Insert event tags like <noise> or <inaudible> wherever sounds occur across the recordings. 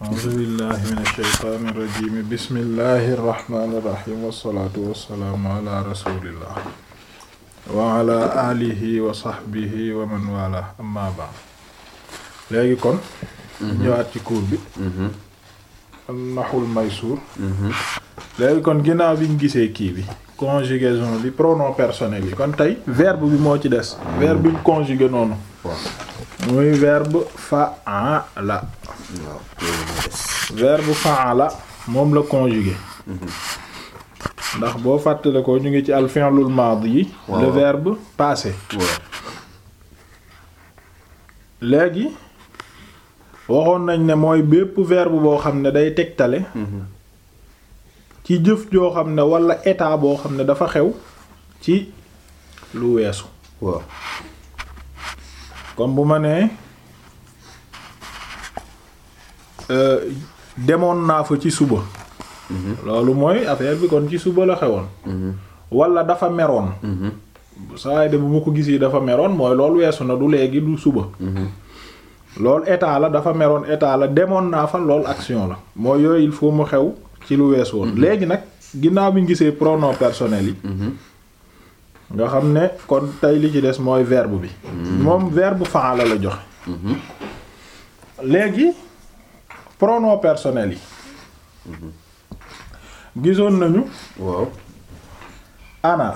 a'uuzu billahi mina shaytaani rajiim bismillahi rahmaani rahiim wassalaatu wassalaamu kon mhm. ñëwaat ci cours bi mhm. an-nahwul maysûr mhm. léegi kon ginnaaw bi ñu gisee kii bi conjugaison bi pronom personnel yi kon tey verbe bi moo ci des verbe bi ñu noonu muy verbe fa'ala waaw verbe fa'ala moom la conjugué. Mm-hmm. ndax boo fàttale ko ñu ngi ci al fi'lul maadi yi. le verbe passé. léegi waxoon nañ ne mooy bépp verbe boo xam ne day tegtale. Mm-hmm. ci jëf joo xam ne walla état boo xam ne dafa xew ci lu weesu. comme bu ma nee. Euh, demoon naa fa ci suba. Mhm. loolu mooy affaire bi kon ci suba la xewoon. Mhm. wala dafa meroon. Mhm. saa bu ma ko gis yi dafa meroon mooy loolu weesu na du léegi du suba. loolu état la dafa meroon état la demoon naa fa lool action la. mooy yooyu il mu xew ci lu weesu woon. léegi nag ginnaaw bi ñu gisee pronoms personnels yi. nga xam ne kon tey li ci des mooy verbe bi. moom verbe faala la joxe. léegi. pronoms personnels yi gisoon nañu waaw ana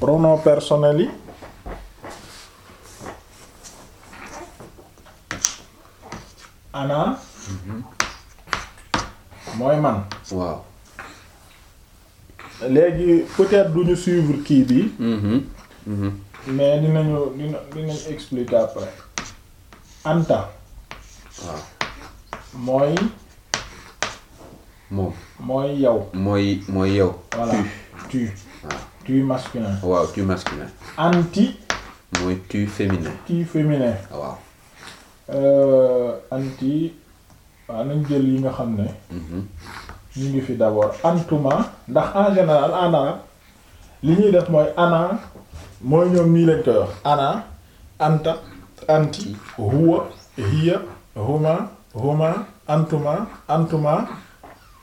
pronoms personnels yi ana mooy man waaw léegi peut-être duñu suivre kii bi mm-hmm. Mm-hmm. mais dinañu dina dinañ après anta waaw ah. mooy. moom mooy yow. mooy mooy yow. voilà tu. waaw ah. tu masculin. waaw tu masculin. anti. mooy tu féminin. tu féminin. waaw. Euh, anti waaw ah, nañ jël yi nga xam ne. Mhm. ñu ngi fi d'abord antuma ndax en général ana li ñuy def mooy ana mooy ñoom nii lañ koy wax ana anta anti huwa hiya huma huma antuma antuma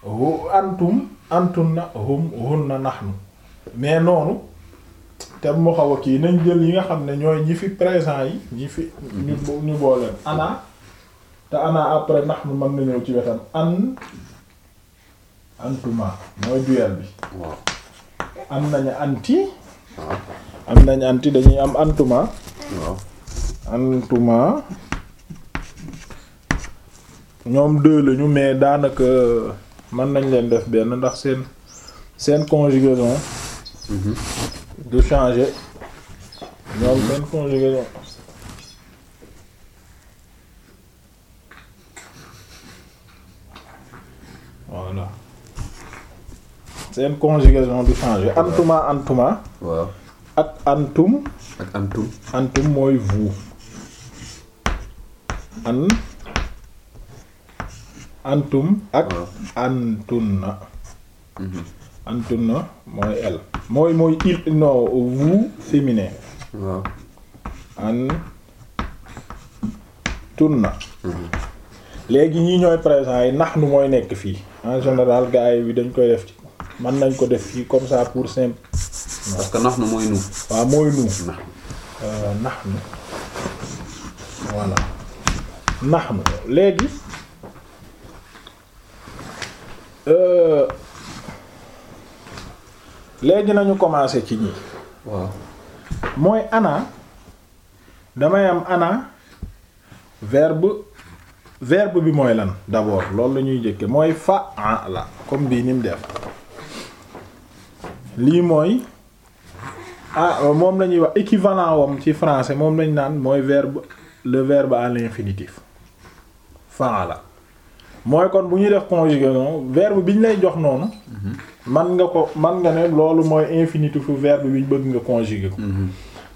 hu antum antunna hum hunna nahnu mais noonu te mu xaw a kii nañ jël yi nga xam ne ñooy ñi fi présent yi ñi fi ñu ñu booleen ana te ana après nahnu mën na ci wetam an antuma mooy duel bi am nañu anti am nañu anti dañuy am antuma antuma ñoom deux lañu mais daanaka mën nañ leen def benn ndax seen seen conjugaison mhm. du changer ñoom seen conjugaison voilà seen conjugaison du ak antum ak antum mooy vous an antum ak ah. antunna mhm. na mooy el mooy mooy il non vous féminin waaw ah. antunna mhm. léegi ñi ñooy présent yi nax nu mooy nekk fii en général gars yi bi dañ koy def ci mën nañ ko def fii comme ça pour simple parce que nax nu mooy nu waaw mooy nu nax nu euh, voilà nax nu léegi Euh, léegi nañu commencé ci ñi mooy ana damay am ana verbe verbe bi mooy lan d'abord loolu la ñuy jëkke mooy fa fa'ala comme bii ni def lii mooy ah moom lañuy ñuy wax équivalent wam ci français moom lañ naan mooy verbe le verbe à l'infinitif fa'ala mooy kon bu ñu ñuy def conjugaison verbe bi ñu lay jox noonu mhm. man nga ko man nga ne loolu mooy infinitif u verbe bi ñu bëgg nga conjuguer ko mhm.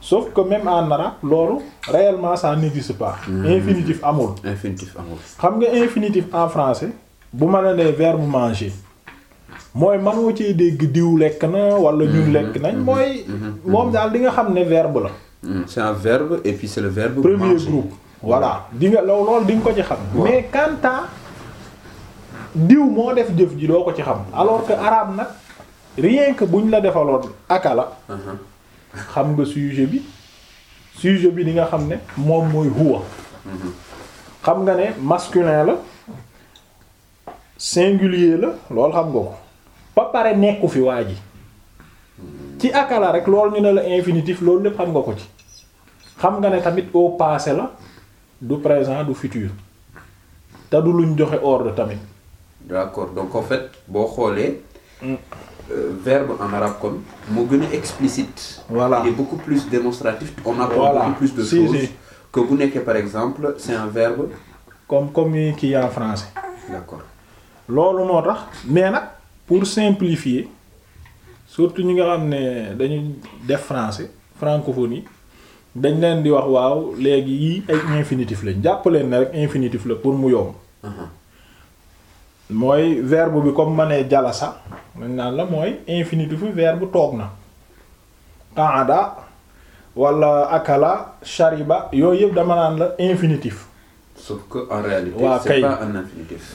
sauf que même en arabe loolu réellement ça n'existe pas mhm. infinitif amul infinitif xam nga infinitif en français bu ma la nee verbe manger mooy mënoo cee dégg diw lekk na wala ñun lekk nañ mooy moom daal di nga xam ne verbe la c'est un verbe et puis c'est le verbe premier groupe voilà di nga loolu di nga ko ci xam mais quant diw moo def jëf ji doo ko ci xam alors que arabe nag rien que buñ la defaloon akala xam nga sujet bi sujet bi di nga xam ne moom mooy huwa xam nga ne masculin la singulier la lool xam nga ko ba pare nekku fi waa ji ci akala rek loolu ñu ne la infinitif loolu lépp xam nga ko ci xam nga ne tamit au passé la du présent du futur te du luñ joxe ordre tamit d'accord donc en fait boo xoolee. Mm. Euh, verbe en arabe kon moo gën a explicite. voilà il est beaucoup plus démonstratif. on apprend voilà. de si, choses bu nekkee par exemple c'est un verbe. comme yi kii en français. d'accord loolu moo tax mais nag pour simplifier surtout ñi nga xam ne dañuy def français francophonie dañ leen di wax waaw léegi yii ay infinitif lañ jàpp leen ne rek infinitif la pour mu yomb. Uh-huh. mooy verbe bi comme ma nee jalasa nañ naan la mooy infinitif verbe toog na qaada wala akala shariba yooyu yëpp dama naan la infinitif. sauf que en réalité. waa kay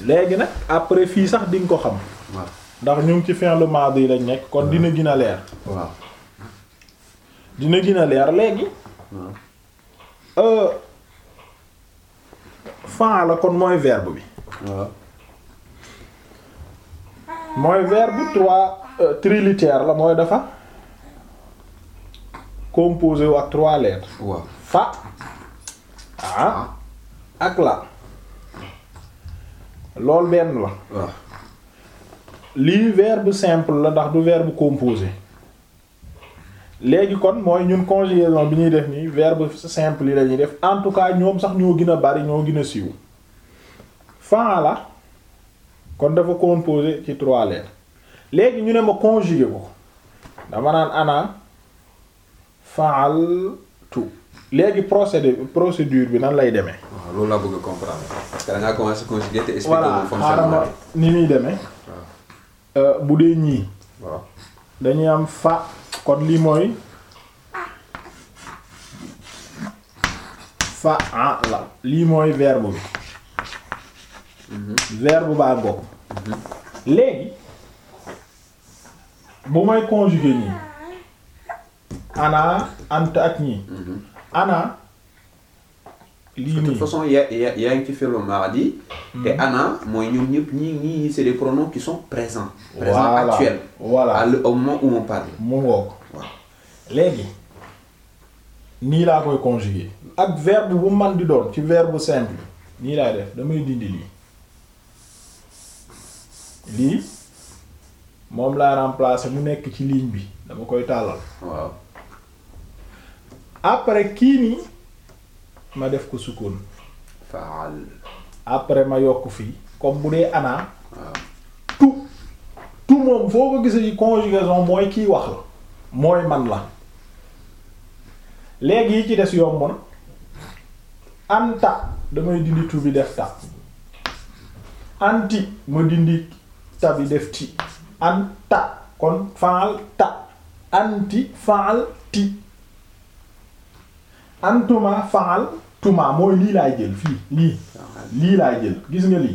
léegi nag après fii sax di nga ko xam. ndax ñu ngi ci fin le madi lañ nekk kon dina gina a leer. waaw dina gën a leer léegi. waaw. Euh, la kon mooy verbe bi. mooy verbe bi trois euh, trilitère la mooy dafa composé wu ak trois lettres. waaw fa. ak la. lool benn la. waaw lii verbe simple la ndax du verbe composé léegi kon mooy ñun conjugaison bi ñuy def nii verbe simple yi la def en tout cas ñoom sax ñoo gën a bari ñoo gën a siiw. la kon dafa composé ci trois lettres léegi ñu ne ma conjugué ko dama naan ana fa'altu léegi procédé procédure bi nan lay demee. waaw loolu laa bëgg a comprendre parce que da ngaa commencé conjuguer te expliqué voilà ni muy demee. Euh, bu dee ñii. dañuy am fa kon lii mooy fa'ala lii mooy verbe bi. Mhm. verbe baa ngoog mhm. léegi bu may conjuguer ñi ana anta ak ñi mhm. ana lii nii de toute façon yaa yaa yaa ngi ci fi'l maadi te ana mooy ñoom ñëpp ñii ñii c'est des pronoms qui sont présents. présents actuels. voilà au moment où on mu ngoog waaw léegi nii laa koy conjuguer. ak verbe bu man di doon ci verbe simple nii laay def damay dindi lii. lii moom laa remplacer mu nekk ci ligne bi dama koy tàllal waaw après kii nii ma def ko sukkoon après ma yokk fii comme bu dee ana waaw tout tout moom foo ko gisee ci conjugaison mooy kii wax la mooy man la léegi yi ci des yomboon anta damay dindi tu bi def ta anti ma dindi ta bi def ci an ta kon faal ta anti faal ti antuma faal tuma mooy lii laay jël fii lii lii laay jël gis nga lii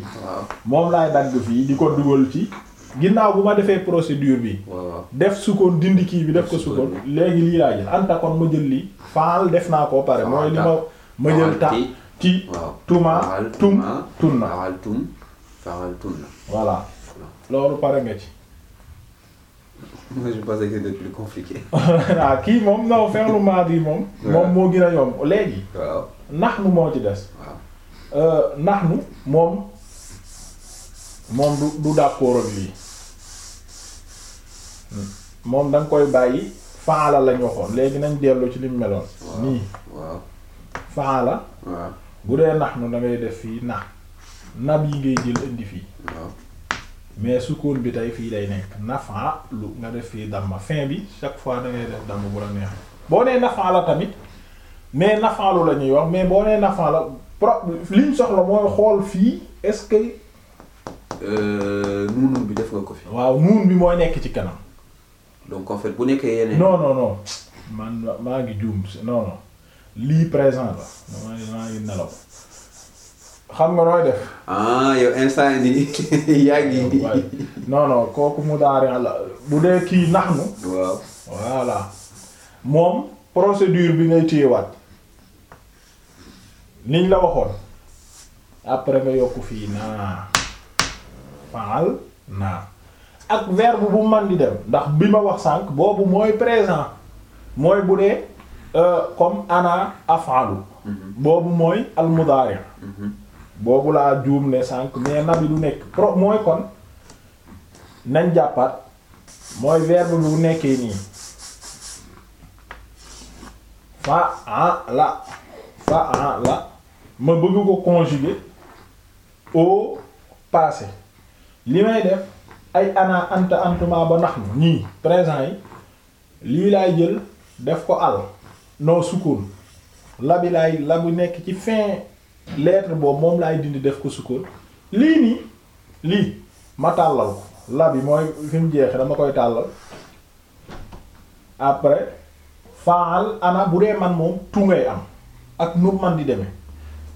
moom laay dagg fii di ko dugal ci ginnaaw bu ma defee procédure bi def sukkoon dindi kii bi def ko sukkoon léegi lii laay jël anta kon ma jël lii faal def naa ko pare mooy li ma ma jël ta ti tuma tum tunna voilà loolu pare nga ci. <laughs> moi <laughs> ah, kii moom non fi'lu maadi moom. moom moo gën a yomb léegi. nax naxnu moo ci des. nax euh, naxnu moom moom du du d'accord ak hmm. moom da koy bàyyi faala lañ waxoon léegi nañ dellu ci lim meloon. nii waaw bu dee naxnu da ngay def fii nax nab yi ngay jël indi fii. mais sukkoon bi tey fii day nekk nafa lu nga def fii damma fin bi chaque fois da ngay def damma bu la neex boo nee nafa la tamit mais nafa lu la ñuy wax mais boo nee nafa la pro liñ soxla mooy xool fii est-ce que. Euh, nuun bi def nga ko fi. waaw nuun bi mooy nekk ci kanam. donc en fait bu nekkee yeneen. non non non man maa ngi juum non non lii présent la maa ngi maa ngi nelaw. xam nga nooy def. ah yow instant ni <laughs> yaa ngi. non kooku mu daari la bu dee kii nax nu. waaw voilà moom procédure bi ngay téyewaat liñ la waxoon après nga yokku fii naa faal naa ak verbe bu man di dem ndax bi ma wax sànq boobu mooy présent mooy bu dee euh, comme ana afaalu. Mm-hmm. boobu mooy al mudaari. Mm-hmm. boobu laa juum ne sànq mais nabi du nekk pro mooy kon nañ jàppaat mooy verbe bu nekkee nii fa en la fa en la ma bëgg ko conjuguer au passé li may def ay ana anta antuma ba nax nu nii présent yi lii laay jël def ko al non sukkoon labi laay labu nekk ci fin lettre boobu moom laay dindi def ko sukkoon lii nii lii ma tàllal ko la bi mooy fi mu dama koy tàllal après faal ana bu dee man moom tu ngay am ak nu man di demee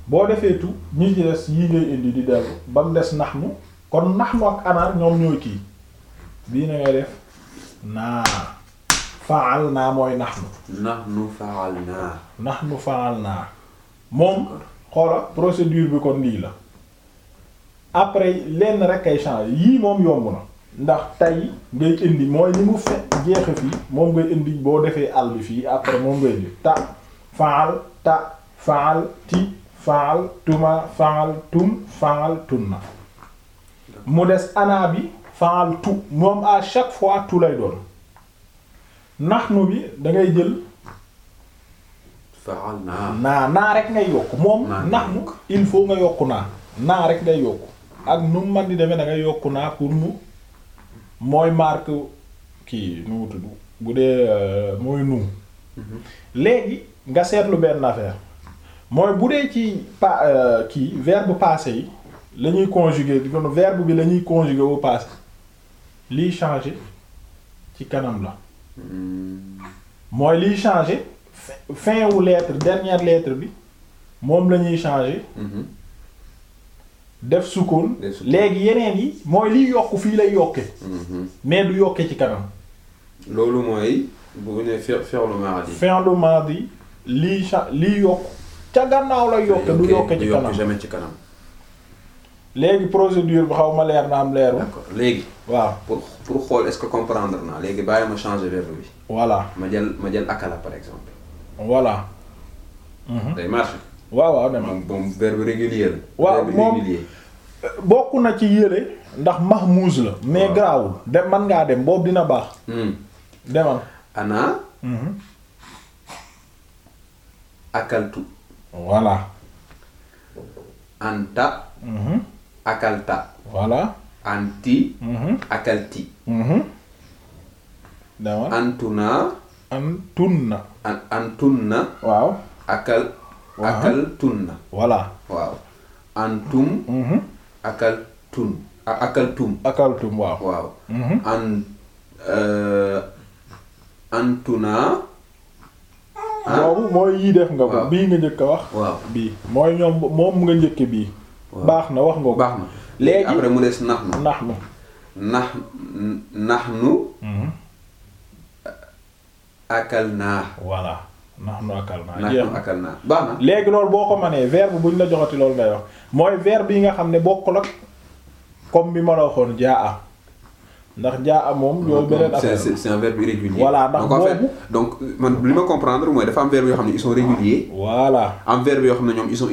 boo defee tu ñi ci des yii ngay indi di dellu ba mu des nax nu kon nax nu ak ana ñoom ñooy kii bii na ngay def naa faal naa mooy nax nu. nax mu faal naa. nax nu faal naa moom. xoola procédure bi kon lii la après lenn rek ay changer yii moom yomb na ndax tey ngay indi mooy ni mu fe jeexe fii moom ngay indi boo defee àll fii après moom ngay indi ta faal ta faal ti faal tuma faal tum faal tunna mu des anaa bi faal tu moom à chaque fois tu lay doon nax nu bi da jël faal naa naa naa rek ngay yokk moom naxnu il faut nga yokk naa naa rek ngay yokk ak nu mu man di demee da ngay yokku naa pour mu mooy mark kii nu mu tudd bu dee euh, mooy nu mhm. léegi nga seetlu benn affaire mooy bu dee ci pa euh, kii verbe passé yi lañuy ñuy conjuguer di kon verbe bi la ñuy conjuguer au passé liy changer ci kanam la hmm. mooy liy changer fin wu leetre dernière lettre bi moom la ñuy changer. Mhm. def sukkoon. léegi yeneen yi mooy liy yokk fii lay yokke mhm. mais du yokke ci kanam. loolu mooy bu ne fi'lu maadi. fi'lu maadi liy cha liy yokk ca gannaaw lay yokke du yokke ci kanam jamais ci kanam. léegi procédure bi xaw ma leer na am leeru. léegi. waaw pour pour xool est-ce que comprendre naa léegi bàyyi ma changer verbe bi. voilà ma jël ma jël akala par exemple. voilà. Mm-hmm. day marché. waaw waaw dem moom moom régulier la. waaw moom bokk na ci yële ndax mahmouz la. mais garaawul dem man ngaa dem boobu dina baax. Mm. demal. ana. Mm-hmm. akaltu. voilà. anta. Mm-hmm. akalta. voilà. anti. akalti. demal antuna. antunna. an an tunna. waaw akal. akal tunna. voilà waaw. antum. Mhm. akal tun akal tum. waaw. Mhm. Eh, antuna. boobu ah. mooy yii def nga ko. bii nga njëkk a wax. waaw bii mooy ñoom moom nga njëkk bii. baax na wax nga ko. baax na léegi mu des nax nu. nax nu. nax nax nu. Mhm. akal naa. voilà nahnu akal naa. jeex na akal naa baax na. léegi loolu boo ko mënee verbe buñ la joxati loolu ngay wax mooy verbe yi nga xam ne bokkul ak comme bi ma la waxoon jaa ndax jaa am moom. yooyu beneen affaire ndax boobu donc man li ma comprendre mooy dafa am verbe yoo xam ne ils sont réguliers. voilà am verbe yoo xam ne ñoom ils sont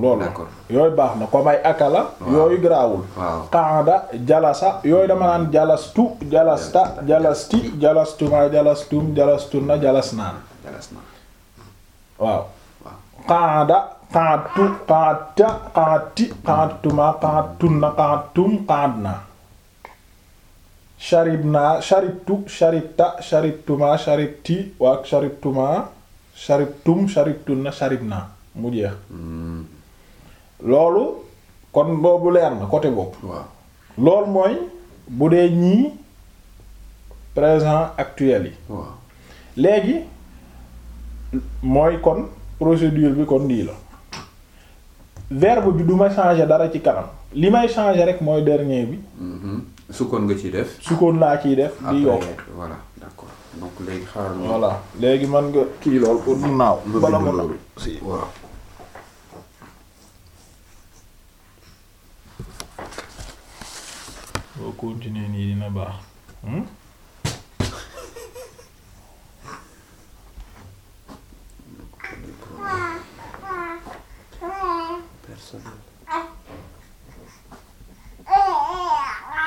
loolu. d'accord baax na ko ay akala. yooyu garaawul. waaw qaada jalasa yooyu dama naan jalastu jalasta jalasti jalastuma jalastum jalastunna jalasnaan. jalasnaan waaw. qaada qaadtu qaadta qaadti qaadtuma qaadtunna qaadtum qaadna sharibna sharibtu sharibta sharibtuma sharibti waa sharibtuma sharibtum sharibtunna sharibna mu jeex loolu kon boobu leer na côté boobu loolu mooy bu dee ñii présent actuel yi léegi mooy kon procédure bi kon nii la verbe bi du ma changer dara ci kanam li may changer rek mooy dernier bi mhm. sukkoon nga ciy def. sukkoon laa kii def. di yokk voilà d'accord donc léegi xaaral ma. voilà léegi man nga kii lool pour mu naaw. continuer nii dina baax. Hmm? <laughs>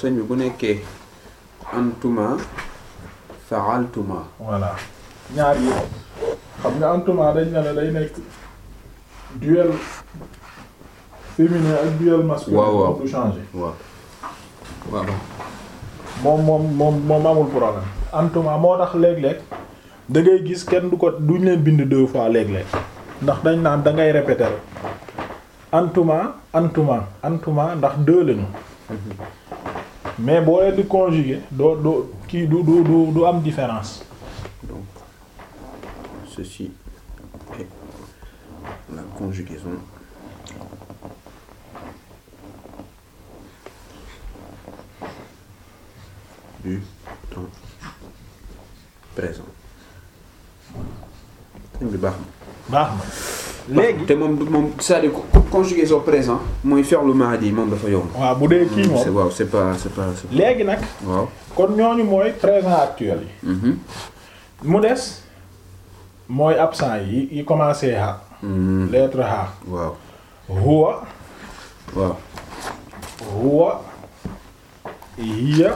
sëñ bi bu nekkee antuma faaltuma voilà ñaari yi xam nga antuma dañ ne la day nekk duel féminin ak duel masculin waaw waaw changer waaw waaw moom moom moom moom amul problème antuma moo tax léeg-léeg ngay gis kenn du ko duñ leen bind deux fois léeg ndax dañ naan da ngay répéter antuma antuma antuma ndax deux lañu mhm. mais boo leen di conjuguer doo doo kii du du du du am différence. donc ceci est la conjugaison. du temps présent. baax na. baax léegi te moom moom c'est-à-dire conjugaison présent mooy fi'lu maadi moom dafa yomb. waaw bu dee kii moom waaw c'est pas c'est pas. léegi nag. waaw kon ñooñu mooy présent actuel yi. Mm-hmm. mu des mooy absent yi yi commencé ha. Mm-hmm. lettre ha. waaw. huwa. huwa. hiya.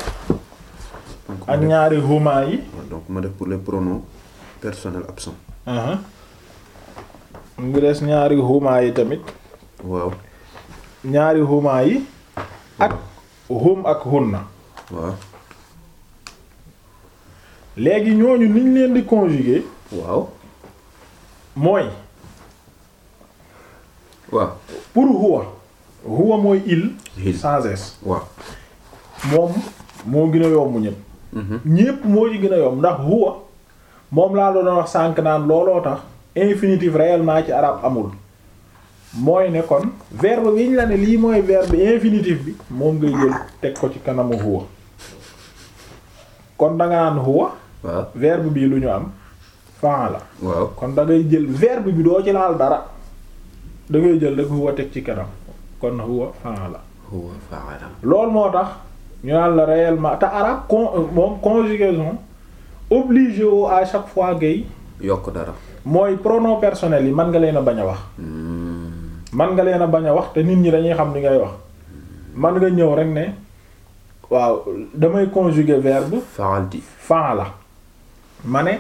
ak ñaari huma yi. donc ma def pour les pronoms personnels absents. Uh-huh. mu des ñaari huma yi tamit ñaari huma yi ak hum ak hunna waaw léegi ñooñu niñ leen di conjuguer mooy waaw pour huwa huwa mooy il sans moom moo gën a yomb ñëpp mhm. ñëpp moo ci gën a yomb ndax huwa moom laa doon wax sànk naan looloo tax infinitif réellement ci arab amul mooy nekkoon kon verbe bi ñu la ne lii mooy verbe infinitive bi moom ngay jël teg ko ci kanamu huwa kon da bii lu ñu am fa'ala waaw kon da jël verbe bi doo ci laal dara da ngay jël rek huwa teg ci kanam kon huwa fa'ala huwa fa'ala loolu moo tax ñu naan la réellement te arab con euh, moom conjugaison à chaque fois ngay yokk dara. mooy pronom personnel yi man nga leen a bañ a wax. man nga leen a bañ a wax te nit ñi dañuy xam ni ngay wax. mën nga ñëw rek ne waaw damay conjuguer verbe. fa'alti fa'ala. ma ne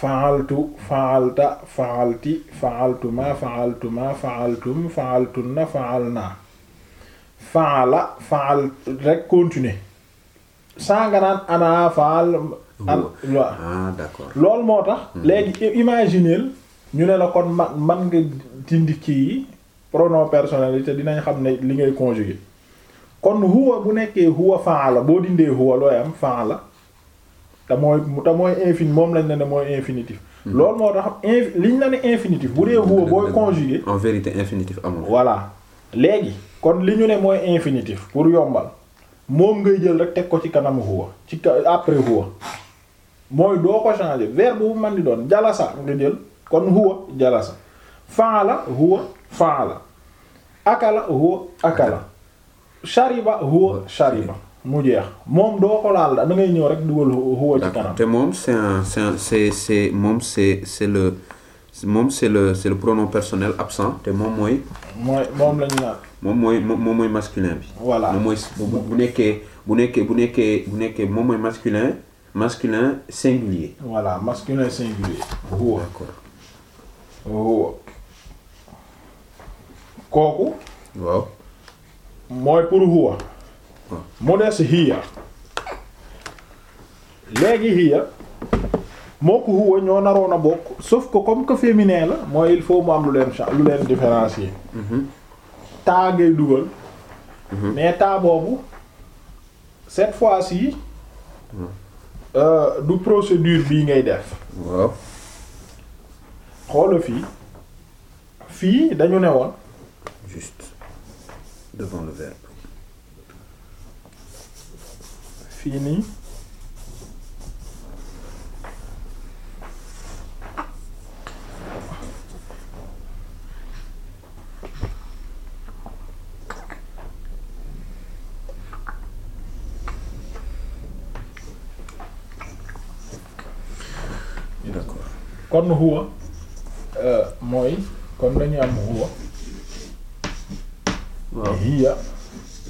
fa'altu fa'alta fa'alti fa'altuma fa'altuma fa'altum fa'altunna fa'alna fa'ala fa'al rek continuer. saa nga naan ana faal am waaw ah moo tax. Hmm. léegi imagineel ñu ne la kon man man nga dindi kii yi pronom personnel dinañ xam ne li ngay conjuguer kon huwa bu nekkee huwa la boo dindee huwa looy am fa'ala te mooy te mooy infini moom lañ la ne mooy infinitif. Hmm. lool moo tax inf liñ la ne bu dee huwa booy conjuguer. en vérité infinitif amul. voilà léegi kon li ñu ne mooy infinitif pour yombal moom ngay jël rek teg ko ci kanamu huwa ci après huwa. mooy doo ko changer verbe bu man di doon jalasa nga jël kon huwa jalasa faala huwa faala akala huwa akala shariba huwa shariba mu jeex moom doo ko laal da ngay ñëw rek dugal huwa ci kanam. te moom c'est un c'est c'est moom c'est c'est le moom c'est le c'est le pronom personnel absent te moom mooy. mooy moom lañu naan. moom mooy moom mooy masculin bi. voilà moom mooy bu nekkee bu nekkee bu nekkee bu nekkee moom mooy masculin. masculin singulier. voilà masculin singulier. huwa huwa kooku. waaw. mooy pour huwa. Ah. mu des hiya. léegi hiya moo ko huwa ñoo naroon a bokk sauf que comme que féminin la mooy il faut mu am lu leen cha lu leen différencier. Mhm. taa ngay dugal. Mhm. mais taa boobu cette fois-ci. Ah. Euh, du procédure bii ngay def. waaw. xoola fii fii dañu ne woon. juste devant le verbe. fii nii. kon huwa euh, mooy kon dañu am huwa waaw hiya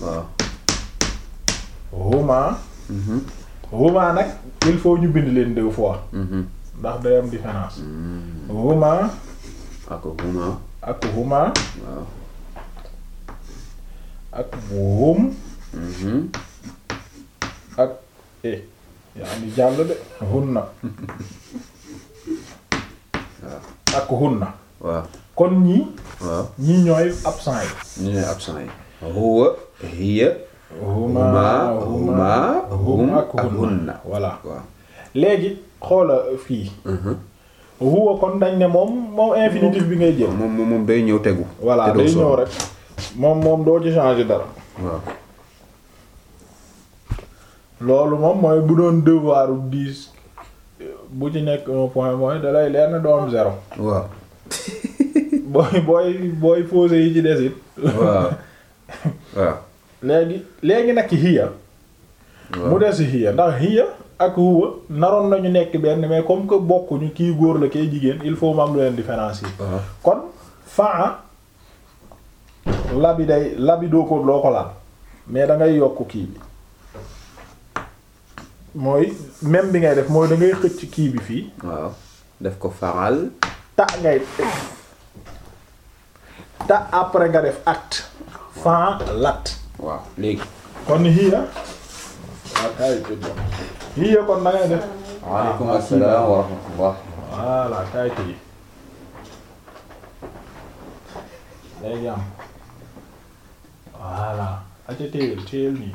waaw huma mm-hmm. nag il faut ñu bind leen deux fois mm-hmm. ndax day am différence mm-hmm. huma ak ak huma ak hum ak eh yaa ngi jàll de hunna <laughs> ak na waaw kon ñii waaw ñii ñooy absent yi ñii ñooy absent yi huwa hiya huma huma hum ak hunna voilà léegi xoola fii mhm. huwa kon dañ ne moom moom infinitif bi ngay jël moom moom day ñëw tegu voilà day ñëw rek moom moom doo ci changer dara loolu moom mooy bu doon devoiru dix bu ci nekk un point mooy da lay leer na doom zéro. waaw. <laughs> booy booy booy posé yi ci des waaw <laughs> waaw. léegi léegi nag hiya. mu des hiya ndax hiya ak huwa naroon nañu nekk benn mais comme que bokkuñu kii góor la kay jigéen il faut mu am lu leen différencier. Uh-huh. kon faa labi day labi doo ko loo ko laal mais da ngay yokk kii bi. mooy même bi ngay def mooy da xëcc kii bi fii. waaw def ko faral. ta ngay ta après nga def at fan lat. waaw léegi. kon hiya. waaw kon da def. waaleykum asalaam ah, wa rahmatullah. voilà léegi am. voilà. aca téyel téyel nii.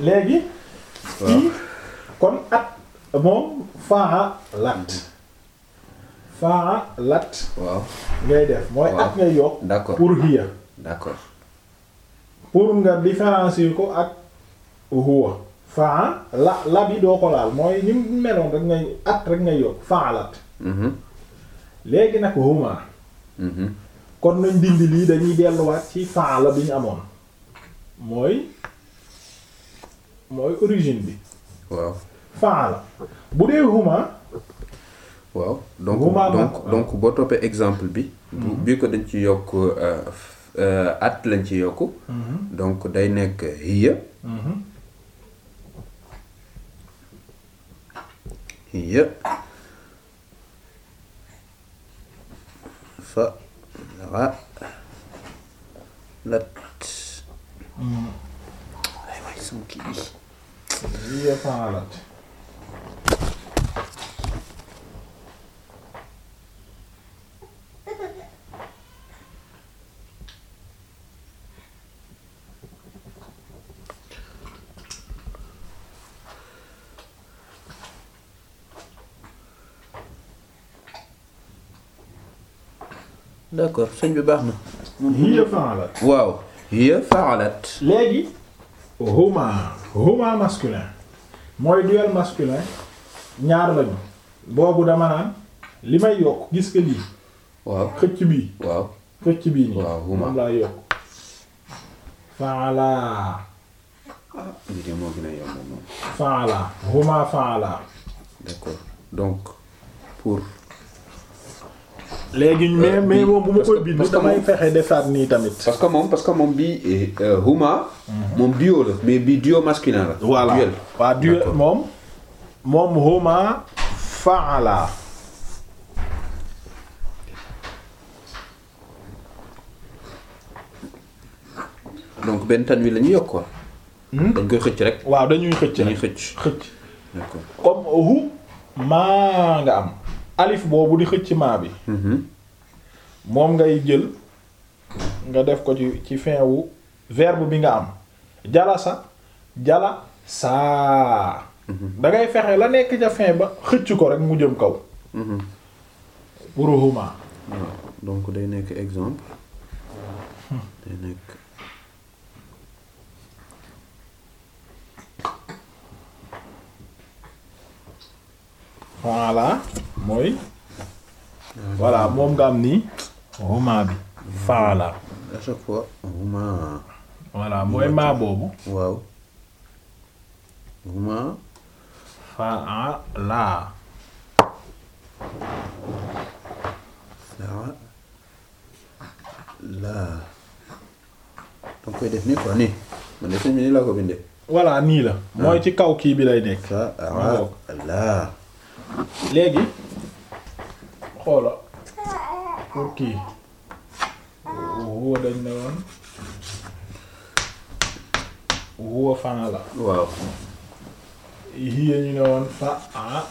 léegi kon at moom faa lat faa lat waaw ngay def mooy at ngay yokk pour hiya pour nga différencier ko ak huwa faa la la bi doo ko laal mooy ni mu meloon rek ngay at rek ngay yokk faa lat mm-hmm. léegi nag huma mm-hmm. kon nañ dindi lii dañuy delluwaat ci faa la bi ñu amoon mooy mooy origine waaw bu dee huma. waaw donc donc donc boo toppee exemple bi. bu mhm. bii ko dañ ci yokk euh, euh, at lañ ci yokk. Mhm. donc day nekk hiya. Mhm. hiya fa ra lat. hiya fa'alat d'accord sëñ bi baax na waaw hiya fa'alat léegi huma huma masculin mooy duel masculin ñaar lañu boobu dama naan li may yokk gis nga lii waaw xëcc bii waaw xëcc bii nii waaw moom faala moo gën a yomb moom faala huma faala d'accord donc pour léegi euh, mais mais moom bu ma koy bind damay fexe defaat nii tamit. parce que moom parce que moom bi euh, huma. Mhm. moom duo la mais bi duo masculin la. voilà waaw duo moom. moom huma faala. donc benn tan wi la ñuy hmm? dañ koy xëcc rek. waaw dañuy xëcc rek dañuy comme hu maa nga am. alif boobu di xëcc maa bi mhm. moom ngay jël nga def ko ci ci fin wu verbe bi nga am sa jala saa mhm. da ngay fexe la nekk ca fin ba xëcc ko rek mu jëm kaw pour mhm. huma day nekk exemple hmm. voilà mooy voilà moom nga am nii huma bi faala à chaque fois huma voilà mooy def nii quoi nii man de sëñ ko bindee voilà nii la mooy ah. ci kaw kii bi lay nekk laa léegi xoola pour kii huwa dañ ne woon huwa fa'ala waaw hiya ñu ne woon fa'a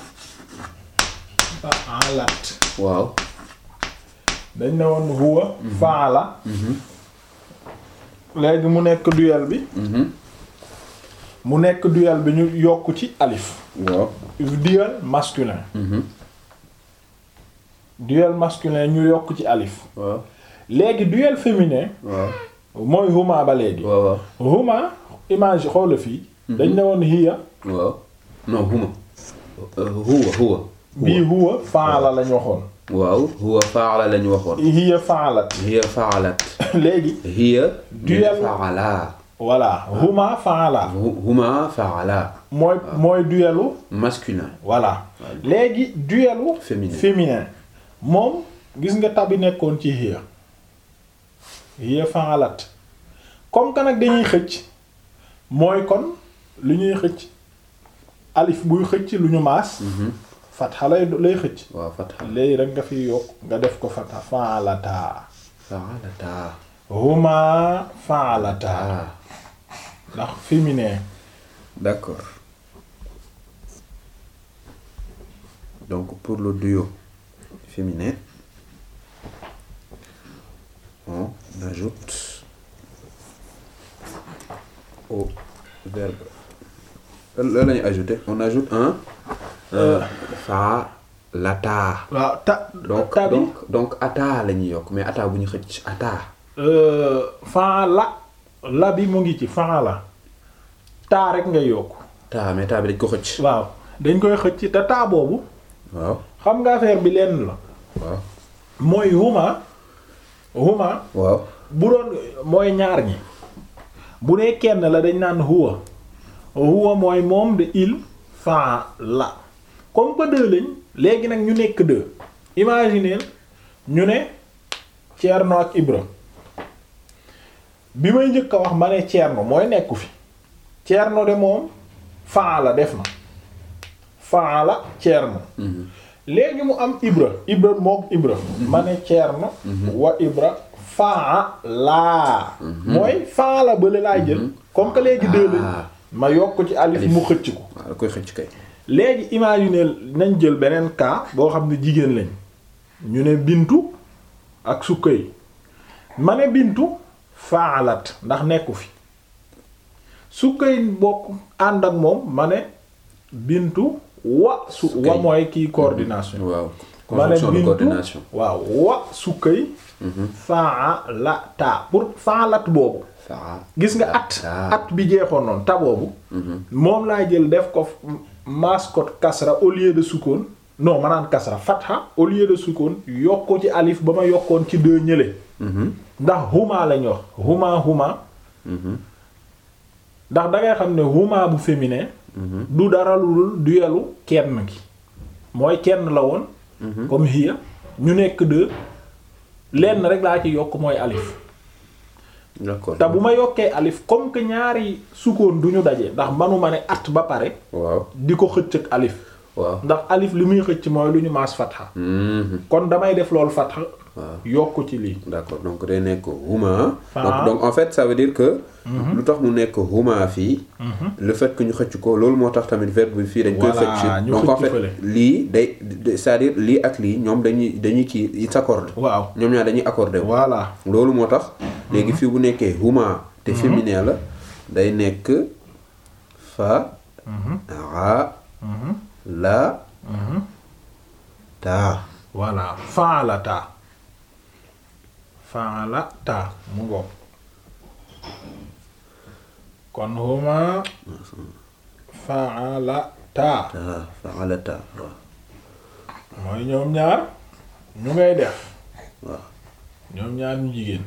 fa'alat waaw dañ ne woon huwa mhm. fa'ala mhm. léegi mu nekk duel bi mhm. mu nekk duel bi ñu yokk ci alif. waaw duel masculin. Mhm. duel masculin ñu yokk ci alif. waaw léegi duel féminin. waaw mooy huma ba huma image xoola fii. Mhm. dañ ne woon hiya. waaw non huma. Euh, huwa huwa. bii huwa faala lañ waxoon. waaw huwa faala lañ waxoon. hiya faalat. hiya faalat. <laughs> léegi. hiya. voilà ah. huma faala huma mooy ah. mooy duelu masculin voilà léegi duelu féminin féminin moom gis nga tabi nekkoon ci hiya hiya faalat comme que nag dañuy xëcc mooy kon lu ñuy xëcc alif buy xëcc lu ñu maas mhm. fatxa lay lay xëcc léegi rek nga fi yokk nga def ko fatxa faalataa faalataa huma faalataa ah. ndax féminin d'accord donc pour le duo féminin on ajoute au verbe on ajoute un euh, euh. la taa. waaw ta donc donc donc ata la ñuy yokk mais ata bu ñu xëcc ata. Euh, fa la. la bi mu ngi ci faala taa rek ngay yokk. taa mais taa bi dañ ko xëcc. waaw dañ koy xëcc te taa boobu. waaw xam nga affaire bi lenn la. mooy huma. huma. bu doon mooy ñaar ñi. bu dee kenn la dañ naan huwa. huwa mooy moom de il faala comme que deux lañ léegi nag ñu nekk deux. imaginez ñu ne Thierno ak Ibra. bi may njëkk a wax ma ne Thierno mooy nekku fi Thierno de moom faala def na faala Thierno mhm. léegi mu am Ibra Ibra mook Ibra mhm. ma ne Thierno mhm. wa Ibra faala mooy faala bële laa jël comme que léegi deux ah. ma yokk ci alif mu xëcc ko da koy xëcc nañ jël beneen cas boo xam ne jigéen lañ ñu ne bintu ak sukkay ma ne bintu faalat ndax nekku fi su koy bokk ànd ak moom ma ne bintu wa su wa kii mhm. coordination waaw ma ne mhm. pour faalat boobu gis nga at at bi jeexoon noonu ta mhm. moom laa jël def ko mascotte kasra au lieu sukkoon non ma naan kasra fatha au lieu sukkoon yokk ci alif ba ma yokkoon ci deux ñële ndax huma lañ wax huma huma mhm. ndax dangay xam ne huma bu féminin mhm. du dara lu dul duelu kenn gi mooy kenn la woon mhm. comme hiya ñu nekk deux lenn rek laa ci yokk mooy alif d'accord te bu ma yokkee alif comme que ñaari sukkoon du ñu daje ndax manuma ne at ba pare di ko xëcc ak alif waaw ndax alif li muy xëcc mooy lu ñu maas fatxa kon damay def loolu fatxa yokk ci lii. d'accord donc day nekk huma. donc donc en fait ça dire que. Mhm. lu tax mu nekk huma fii. Mhm. le fait que ñu xëcc ko loolu moo tax tamit verbe fii dañ koy. voilà ñu donc en fait lii day cest dire lii ak lii ñoom dañuy dañuy ci ils s'accordent. waaw ñoom ñaar dañuy accordé voilà loolu moo tax. léegi mhm. fii bu nekkee huma. te féminin la day nekk fa. la. taa. voilà faalata. faala ta mu ngoom kon huma faala ta faala ta mooy ñoom ñaar ñu ngay def ñoom ñaar ñu jigéen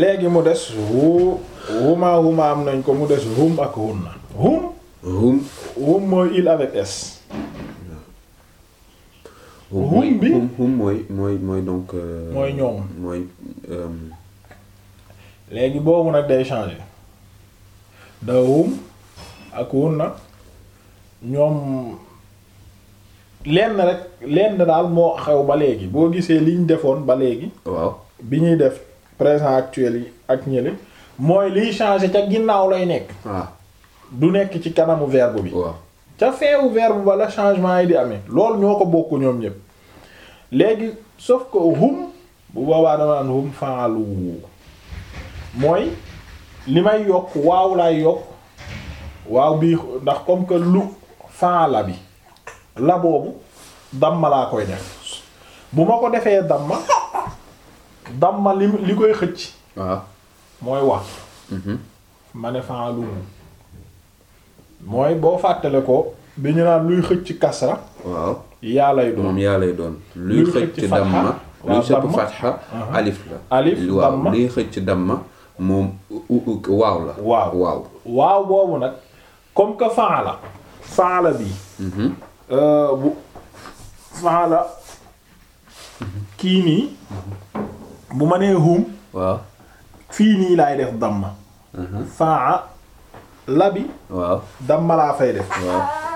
léegi mu des huma huma am nañ ko mu des hum ak hunna hum hum hum mooy il avec s hum bi hum mooy mooy mooy donc. Euh, mooy ñoom mooy. Euh, léegi boobu nag day changer da ak hunna ñoom lenn rek lenn daal moo xew ba léegi boo gisee liñ defoon ba léegi. waaw bi ñuy def présent actuel yi ak ñële mooy liy changer ca ginnaaw lay nekk. waaw ah. du nekk ci kanamu verbe bi. waaw ca fin wu verbe changement yi di amee loolu ñoo ko bokk ñoom ñëpp léegi sauf ko hum bu boobaa dama naan hum faalu mooy li may yokk waaw laay yokk waaw bii ndax comme que lu faala bi la boobu damma laa koy def bu ma ko defee damma damma li li koy xëcc waaw mooy wax mm-hmm. ma ne faalu mooy boo fàttale ko bi ñu naan luy xëcc kasra waaw yaa lay doon moom yaa lay doon luy xëcc damma luy xëcc fatxa alif la alif waaw luy moom waaw la waaw waaw boobu nag comme que faala faala bi mhm. euh, bu faala kii nii mhm. bu ma nee hum waaw fii nii lay def damma mhm. faa labi. waaw damma laa fay def.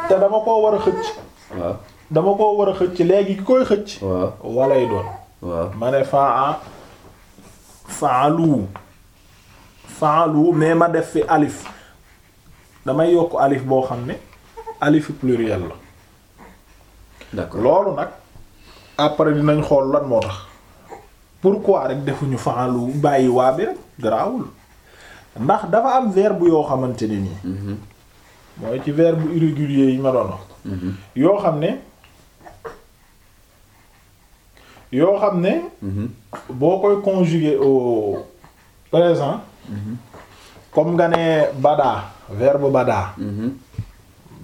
te dama koo war a xëcc. waaw dama koo war a xëcc léegi ki koy xëcc. waaw walay doon. waaw ma ne faa faalu faalu mais ma def fi alif damay yokk alif boo xam ne alif pluriel la. d'accord loolu nag après dinañ xool lan moo tax pourquoi rek defuñu faalu bàyyi waa bi rek garaawul. ndax dafa am verbe yoo xamante ne nii. Mhm. mooy ci verbe irrégulier yi ma doon wax. Mhm. yoo xam ne yoo xam ne. Mhm. boo koy conjuguer au présent. comme nga ne badaa verbe badaa.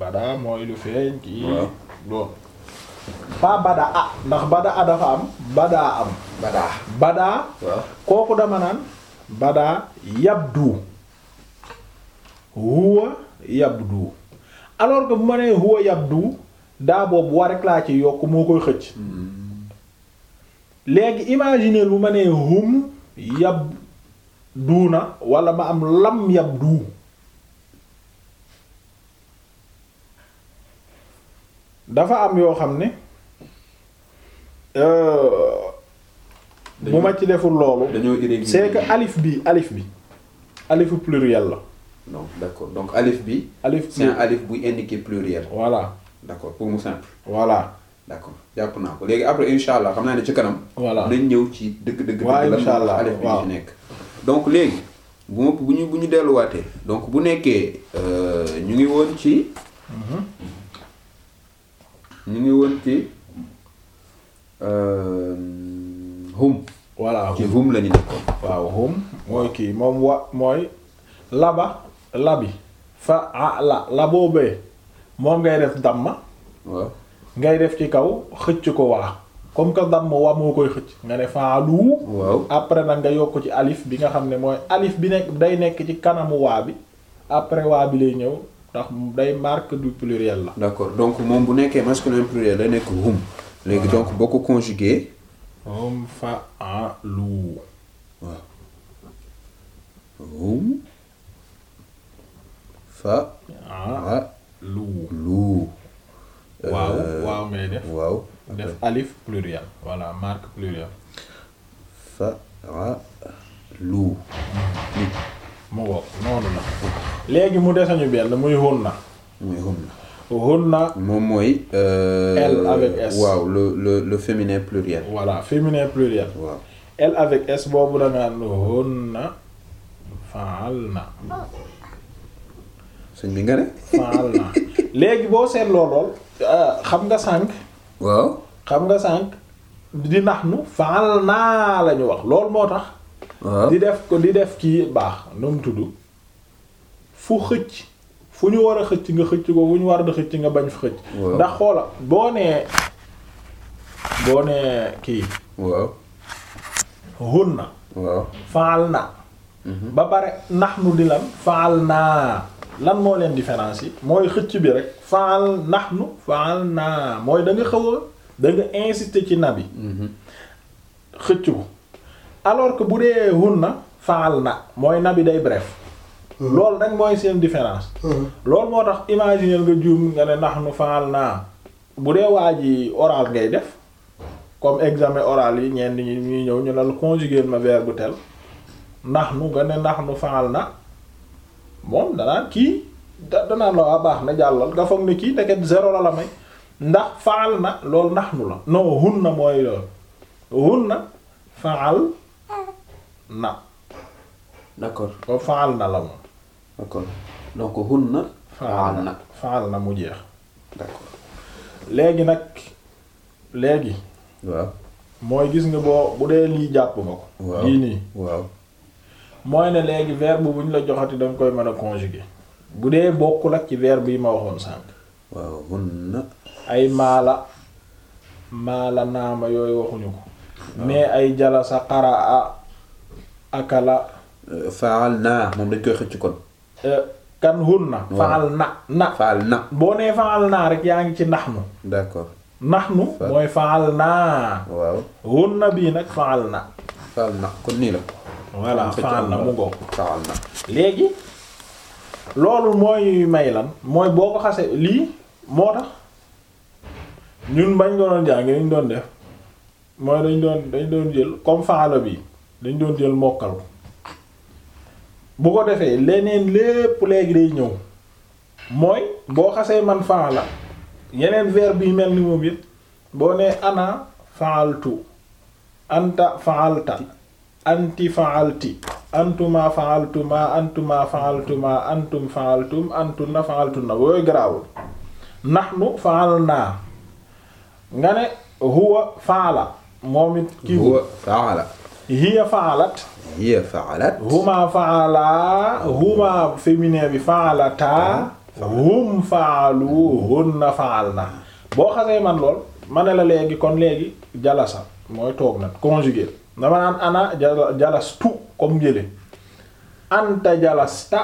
badaa mooy lu feeñ kii. loolu pas badaa ndax badaa dafa am badaa am. badaa badaa. kooku dama naan. badaa yabdu huwa yabdu alors que bu ma nee huwa yabdu daa boobu waa rek laa ci yokk moo koy xëcc léegi imaginer bu ma nee hum yabduuna wala ma am lam du dafa am yoo xam ne euh, bu ma ci deful loolu. dañoo irrégulier c'est que alif bi alif bi alifu pluriel la. non d'accord donc alif bi. alif c'est un alif buy indiquer pluriel. voilà d'accord pour mu simple. voilà d'accord jàpp naa ko léegi après incha allah xam naa ne ci kanam. voilà nañ ñëw ci dëgg dëgg. waaw incha allah alif bi nekk. donc léegi bu ma bu ñu bu ñu delluwaatee donc bu nekkee euh, ñu ngi woon ci. Mhm. ñu ngi woon ci. Euh, hum voilà ci hum la ñu waaw hum mooy kii moom wa mooy laba labi fa a la la boobee moom ngay def damma waaw ngay def ci kaw xëcc ko waa comme que damm wa moo koy xëcc nga ne faalu après nag nga yokk ci alif bi nga xam ne mooy alif bi nekk day nekk ci kanamu waa bi après waa bi lay ñëw ndax day marque du pluriel la d'accord donc moom bu nekkee masculin pluriel day nekk hum léegi donc boo ko conjugué hum fa'alu waaw hum fa'alu waaw waaw ngay def waaw def alif pluriel voilà marque pluriel fa'alu mu wow noonu la léegi mu desañu benn muy hunna muy hunna na moom mooy. Euh, L avec S waaw le le le féminin pluriel. voilà féminin pluriel. waaw L avec S boobu da nga naan hunna faalna. sëñ bi nga ne. léegi boo seetloo lool. Euh, xam nga sànq. waaw xam nga sànq. di nax nu faal naa la ñu wax lool moo tax. di def ko di def kii baax nu mu tudd fu xëcc. fu ñu war a xëcc nga xëcc ko fu ñu war a xëcc nga bañ fa xëcc. ndax xoola boo nee boo nee kii. waaw. hunna. waaw faal na. Mhm. ba pare nahnu di lan faal naa lan moo leen différence yi mooy xëcc bi rek faal nahnu faal naa mooy da nga xaw a da nga insister ci nabi mhm. xëcc ko alors que bu dee na faal na mooy nabi day bref. lool rek mooy seen différence. loolu moo tax imaginer nga juum nga ne ndax nu faal naa bu dee waa ji oral ngay def comme examen oral yi ñenn ñi ñuy ñëw ñu ne la conjuguer ma bu tel ndax nu nga ne ndax nu faal na moom danaan kii da danaan la waa baax na jàllal nga foog ne kii ndeket zéro la la may ndax faal na lool nax nu la non hun na mooy loolu na faal na. Ah. d'accord kon na la moom. d'accord donc hunna faal na faal na mu jeex d'accord léegi nag léegi waaw mooy gis nga boo bu dee lii jàpp nga ko lii nii waaw mooy ne léegi verbe bu ñu la joxati danga koy mën a conjuguer bu dee bokkul ak ci verbe yi ma waxoon sànq waaw hunna ay maala maala naama yooyu waxuñu ko mais ay jalasa qaraa akala euh, faal naa moom dañ koy xëcc kon Euh, kan hunna faal na na faal na boo nee faal naa rek yaa ngi ci nax nahnu d'accord nahnu mooy faal naa waaw hunna bii nag faal na faal na kon nii la voilà faal na mu ngoog faal na léegi loolu mooy may lan mooy boo ko xase lii moo tax ñun bañ doon jàng dañ doon def mooy dañ doon dañ doon jël comme faala bi dañ doon jël mokkal ko bu ko defee leneen lépp léegi day ñëw mooy boo xasee man faala yeneen verbe yi mel ni moom it boo ne ana faaltu anta faalta anti faalti antuma faaltuma antuma faaltuma antum faaltum antunna faaltunna booy garaawul nahnu faalnaa nga ne huwa faala moom it kii huwa faala hiya faalat hiya fa'alat huma fa'ala huma féminin bi fa'alata hum fa'alu hunna fa'alna boo xasee man lool ma ne la léegi kon léegi jalasa mooy toog na conjugué dama naan ana jalastu comme jële anta jalasta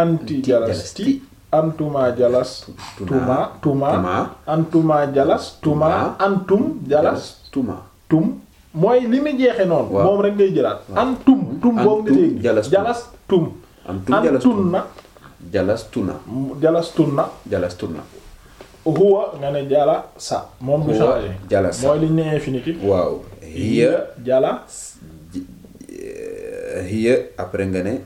anti jalasti antuma jalas tuma tuma antuma jalas tuma antum jalas tum mooy li mu jeexe noonu. moom rek ngay jëlaat. an tum tum boobu nga dégg. jalas tum am tum na. jalas tuna. jalas tuna. jalas tuna. huwa nga ne jala sa. moom du changé mooy li ñu ne infinitif. waaw hiya jala. Eh, hiya après nga ne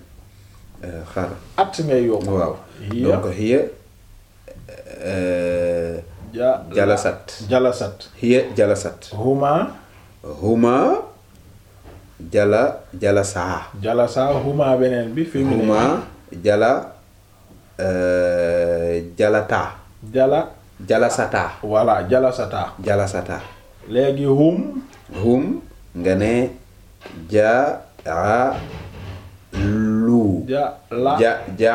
eh, xar. at ngay yokk. waaw donc hiya. Eh, jalasat jalasat. hiya jalasat. huma. huma jala jala saa jala saa huma beneen bi féminin huma jala euh, jala taa jala jala sa taa voilà jala sa taa jala sa taa léegi hum hum nga ne ja a lu ja la ja ja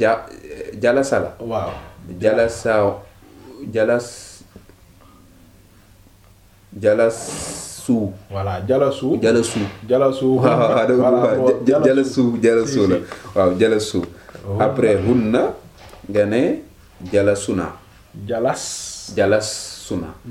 ja jala sa la waaw jala sa jala jala suu. voilà jala suu. jala suu. jala suu. waaw suu jala suu la oh, waaw jala suu. après hunna nga ne jala suna. jalas. jalas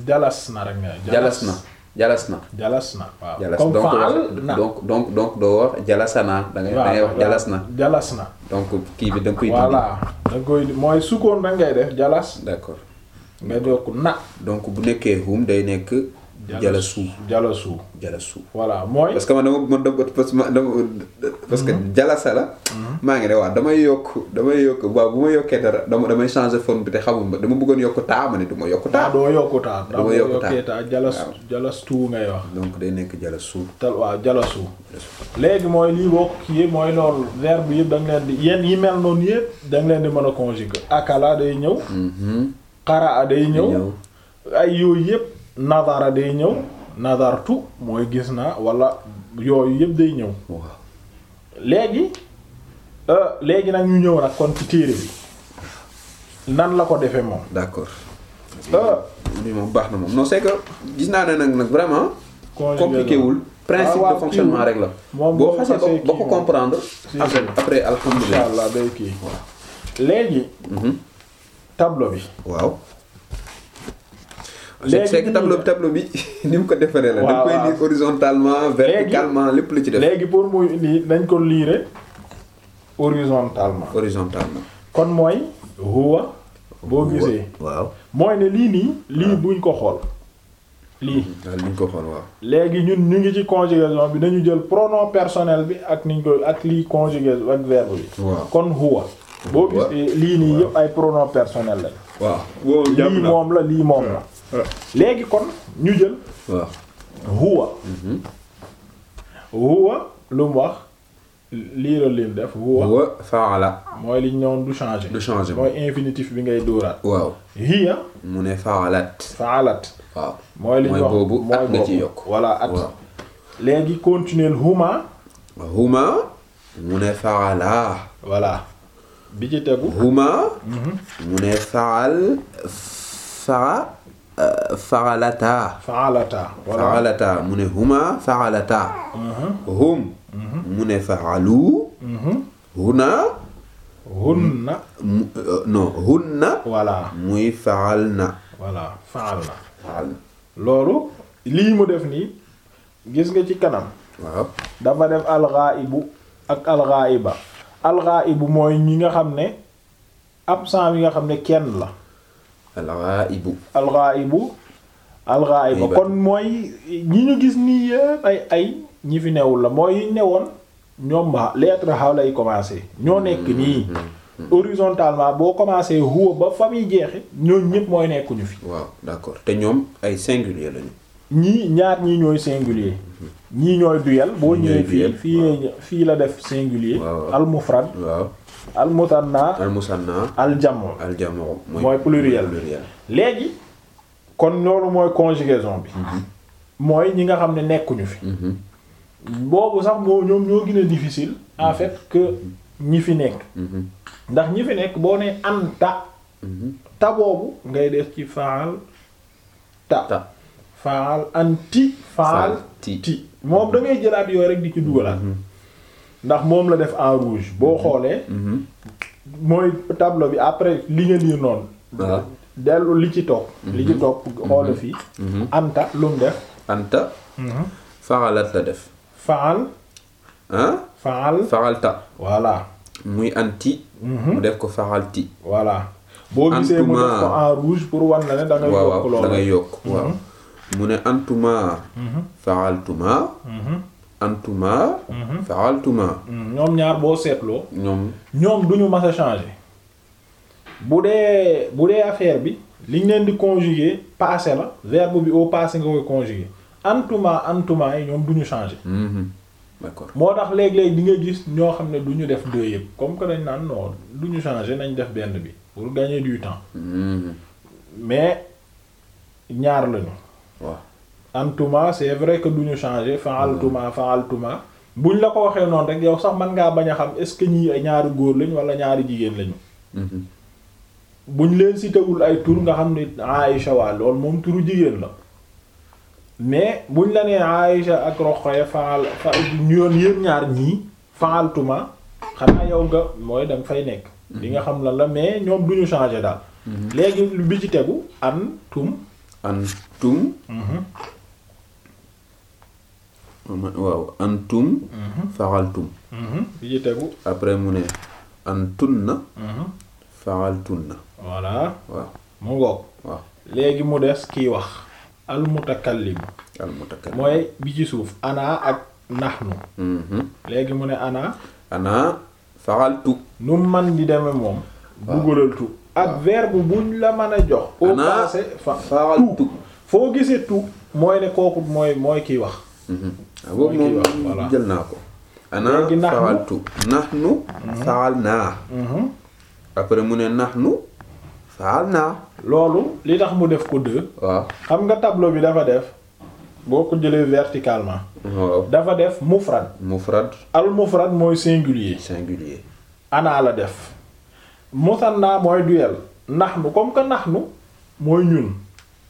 jalas na jalas na. jalas na jalas na waaw comme faal donc donc donc doo wax da ngay da ngay wax na jalas na donc kii bi da nga koy dindi mooy sukkoon da ngay def jalas d'accord nga yokk na donc bu nekkee hum day nekk Jalasu Jalasu Jalasu. voilà mooy. parce que man dama man dama parce que mm-hmm. Jalasa la. Mm-hmm. maa ngi ne waaw damay yokk damay yokk waaw bu ma yokkee dara dama damay changer forme bi te xamuma dama bëggoon yokk taa ma ne du ma yokk taa. Ah, doo yokk taa. du ma yokk taa Jalasu Jalastu ngay donc day nekk Jalasu. te waaw Jalasu. léegi mooy lii bokk kii mooy loolu verbe yëpp da nga leen di yenn yi mel noonu yëpp da nga leen di mën a conjuguer. akala day ñëw. Mm-hmm. a day ñëw. ay yooyu yëpp. nadara day ñëw nadartu mooy gis naa walla yooyu yëpp day ñëw léegi euh, léegi nag ñu ñëw nag kon ci téere bi nan la ko defee moom d'accord euh, lii moom baax na moom non c'est gis naa ne nag nag vraiment compliqué wul principe ah, fonctionnement rek la boo xasee ba ko comprendre après après alhamdulilah kii léegi mhm. tableau bi waaw je sais que tableau bi tableau bi <laughs> ni mu ko defaree la. da nga koy lire horizontalement verticalement lépp la ci def. léegi pour muy lii nañ ko lire horizontalement. horizontalement. kon mooy. huwa boo gisee. waaw mooy ne lii nii. Ah. lii buñ ko xool. lii buñ mhm. ah, ko xool léegi ñun ñu ngi ci conjugaison bi nañu jël pronom personnel bi ak niñ ak lii conjugaison ak verbe bi. kon huwa. boo gisee lii nii yëpp ay pronom personnel la waaw lii moom la lii moom la. léegi kon ñu jël. waaw huwa. Mhm. huwa lu mu wax lii la leen def. huwa faala. mooy li ñu ñëwoon du changer. du changer mooy infinitif bi ngay dóoraat. waaw hiya. mu ne faalat. faalat. mooy li wax mooy boobu at nga ci yokk. voilà at léegi continuer huma. huma. mu ne faala. voilà. bi ci tegu. huma. Mhm. mu ne faal faa. Euh, faxalataa faxalataa faxalataa mu ne huma faxalataa uh-huh. hum uh-huh. mu ne faxalu uh-huh. huna hunna euh, non hunna voilà muy faxal na voilà faxal na faxal na loolu lii mu def nii gis nga ci kanam waaw dafa def alxaibu ak alxaiba alxaibu mooy ñi nga xam ne ab absent yi nga xam ne kenn la alxaibu alxaibu alxaiba kon mooy ñi ñu gis nii yëpp ay ay ñi fi newul la mooy yi newoon ñoom lettre ha lay commencer ñoo nekk mm-hmm. nii mm-hmm. horizontalement boo commencé huwa ba fa muy jeexe ñooñ ñëpp mooy nekkuñu fi waaw d'accord te ñoom ay singulier lañu ñii ñaar ñii ñooy singulier mm-hmm. ñii ñooy duel boo ñëwee fii fii fii la def singulier al mufrad al musanna al musanna al jamoo al jamoo mooy pluriel pluriel léegi kon loolu mooy conjugaison bi mhm. mooy ñi nga xam ne nekkuñu fi mhm. boobu sax moo ñoom ñoo gën difficile en mhm. fait que ñi fi nekk ndax ñi fi nekk boo ne anta ta boobu ngay des ci faal ta faal anti faal ti moom da ngay jëlaat yooyu rek di ci dugalaat ndax moom la def en rouge boo xoolee. Mhm. mooy tableau bi après li nga lire noonu. Ah. dellu li ci topp. Mhm. li ci topp xoola mhm. fii. Anta lu mu def. Anta. Faalat la def. Faal. ah. Faal Faalta. voilà. muy anti. mu def ko Faalti. voilà boo gisee mu def ko en rouge pour wan la ne da ngay loolu da yokk waaw mu ne antuma. Faaltuma. antuma. Mhm. faaltuma. Mm, ñoom ñaar boo seetloo. ñoom ñoom duñu mas a changer. bu dee bu dee affaire bi liñ leen di conjuguer passé la verbe bi au passé nga koy conjuguer antuma antuma yi ñoom duñu changer. Mhm. d'accord moo tax léeg-léeg di nga gis ñoo xam ne duñu def deux yëpp comme que dañ naan non du ñu changer nañ def benn bi pour gagner du temps. Mhm. mais ñaar lañu. antuma c'est vrai que duñu changer fa'altuma fa'altuma buñ la ko waxee noonu rek yow sax man ngaa bañ a xam est-ce que ñii ay ñaari góor lañ wala ñaari jigéen lañu. Mhm. buñ leen citewul ay tur nga xam ni Aïcha waa lool moom turu jigéen la mais buñ la nee Aïcha ak Roqaya faal fa ñoon yéen ñaar ñii faaltuma xanaa yow nga mooy danga fay nekk. Mhm. di nga xam lan la mais ñoom duñu changer daal. Mhm. léegi bi ci tegu an tum. an tum. waaw antum mhm. faxaltum mhm. bi ci tegu après mu ne antunna mhm. faxaltunna voilà waaw mu ngoog waaw léegi mu des kiy wax almutakallim mooy bi ci suuf anaa ak nahnu léegi mu ne anaa ana faxaltu nu man di demee moom dugalal tu ak verbe buñ la mën a jox au passé faxaltu foo gisee tu mooy ne kooku mooy kiy wax waaw ah, boobu moom jël naa ko. ana faaltu nahnu faal naa. Mhm. mu ne nahnu faal naa. loolu li tax mu def ko deux. waaw xam nga tableau bi dafa def. boo ko jëlee verticalement. dafa def mufrad. mufrad al mooy singulier. singulier. ana la def. musanna mooy duel. nahnu comme que nahnu mooy ñun.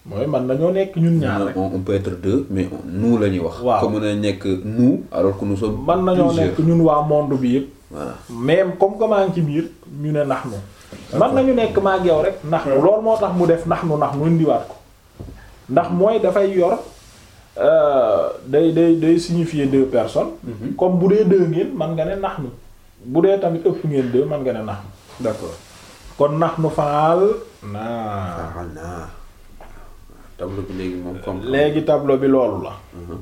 mooy man nañoo nekk ñun ñaar rek on peut être deux mais nous wax. waaw comme mën nekk nous. alors que man nañoo nekk ñun waa monde bi yëpp. voilà comme que maa ngi ci biir ñu ne nax nu man nañu nekk maa rek nax nu loolu moo tax mu def nax nu nax nu indiwaat ko ndax mooy dafay yor euh, day day day signifier deux personnes. Mhm. comme bu dee deux ngeen man nga ne nax nu bu dee tamit ëpp ngeen deux man nga ne nax nu. d'accord kon nax nu faal naa. tableau léegi moom euh, léegi tableau bi loolu la. Mhm.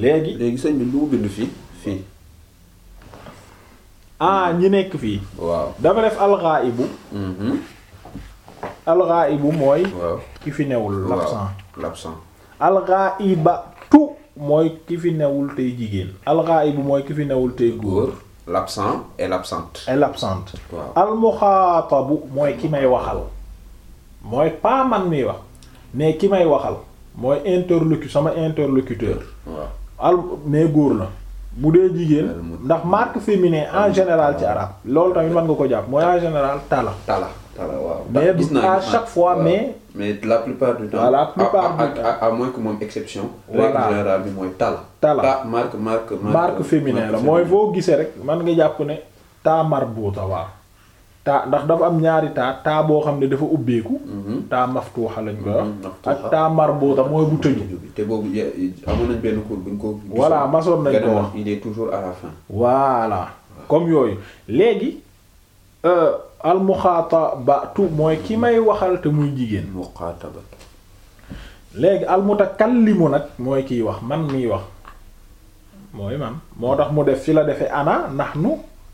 léegi léegi sëñ bi lu mu bind fii fii. ah ñi nekk fii. waaw dafa def alxaayibu. Mhm. alxaayibu mooy. ki fi newul. l'absent l'absent. tou mooy ki fi newul tey jigéen. alxaayibu mooy ki fi newul tey góor. l'absent et l'absente. et mooy ki may waxal. mooy pas man miy wax. mais ki may waxal mooy interlocu sama interlocuteur. al mais góor la. mu dee jigéen ndax marque féminin en général ci arabe. loolu tamit mën nga ko jàpp mooy en général tala. tala tala waaw. mais à chaque fois mais. mais la plupart du temps. la plupart exception. voilà général bi mooy tala. tala marque marque féminin la mooy boo gisee rek man nga jàpp ne. ta marbuuta waa taa ndax dafa am ñaari taa taa boo xam ne dafa ubbeeku. Mhm. taa maftuuxa lañ koy wax. Mhm, ak taa marbuuta mooy bu tëju. te boobu nañ benn buñ ko. voilà masoon nañ ko wax il est toujours à la fin. yooyu léegi euh, al muxaatabatu mooy ki may waxal muy jigéen. muxaatabatu. léegi al mutakallimu nag mooy kiy wax man miy wax mooy man moo tax mu def ci la defee ana nahnu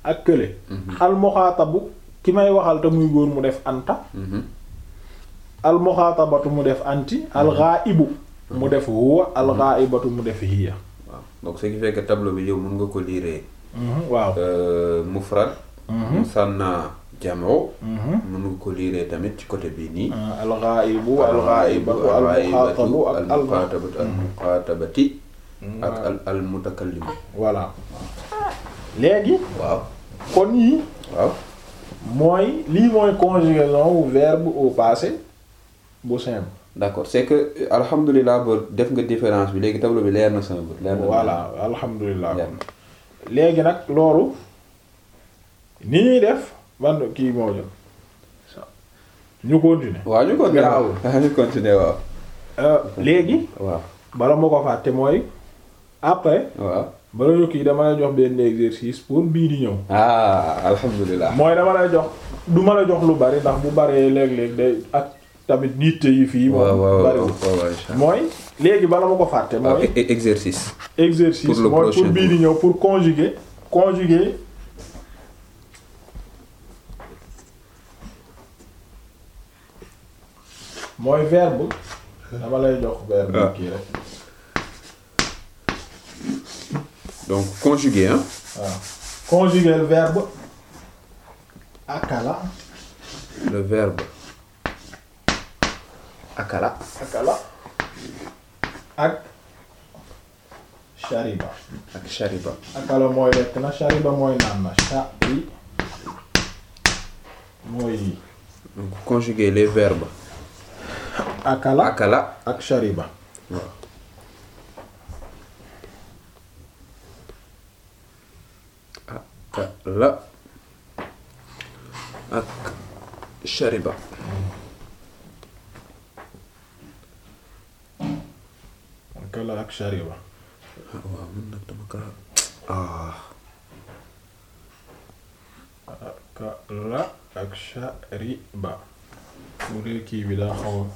ak kële. Mhm. al muxaatabu. ki may waxal te muy góor mu def anta mhm. al mu def anti al mhm. ghaibu mhm. mu def huwa al ghaibatu mu def hiya waaw donc ce qui fait tableau bi yow mën nga ko lire waaw euh, mufrad musanna jamoo mën nga ko lire tamit ci côté bii nii ah, al ghaibu al ghaibatu al ak al muxaatabatu léegi waaw kon yi waaw mooy lii mooy conjugaison wu verbe au passé bu simple. d'accord c'est que alhamdulilah ba def nga différence bi léegi tableau bi leer na sama bët. leer na voilà alhamdulilah. léegi nag loolu ni ñuy def ban kii moo jëm. ñu continuer. waaw ñu continuer <laughs> waaw euh, léegi. waaw bala ma ko fàtte mooy après. waaw. bala ñu kii dama lay jox benn exercice pour bii di ñëw. ah alhamdulilah. mooy dama lay jox du ma la jox lu bari ndax bu baree léeg-léeg day ak tamit yitte yi fii. moom bariwul mooy. léegi bala ma ko fàtte. mooy ah, e, e, exercice. exercice pour mooy pour bii di ñëw pour conjuguer. conjuguer. mooy verbe. dama lay jox verbe ah. kii rek. donc conjugué ah. waaw conjuguer le verbe akala. le verbe akala. ak shariba. ak shariba. akala mooy lekk na shariba mooy naan na sha mooy. donc conjuguer les akala ak shariba waaw. akala ak shariba akala ak ah, ah. bu dee kii bi daa xaw ah,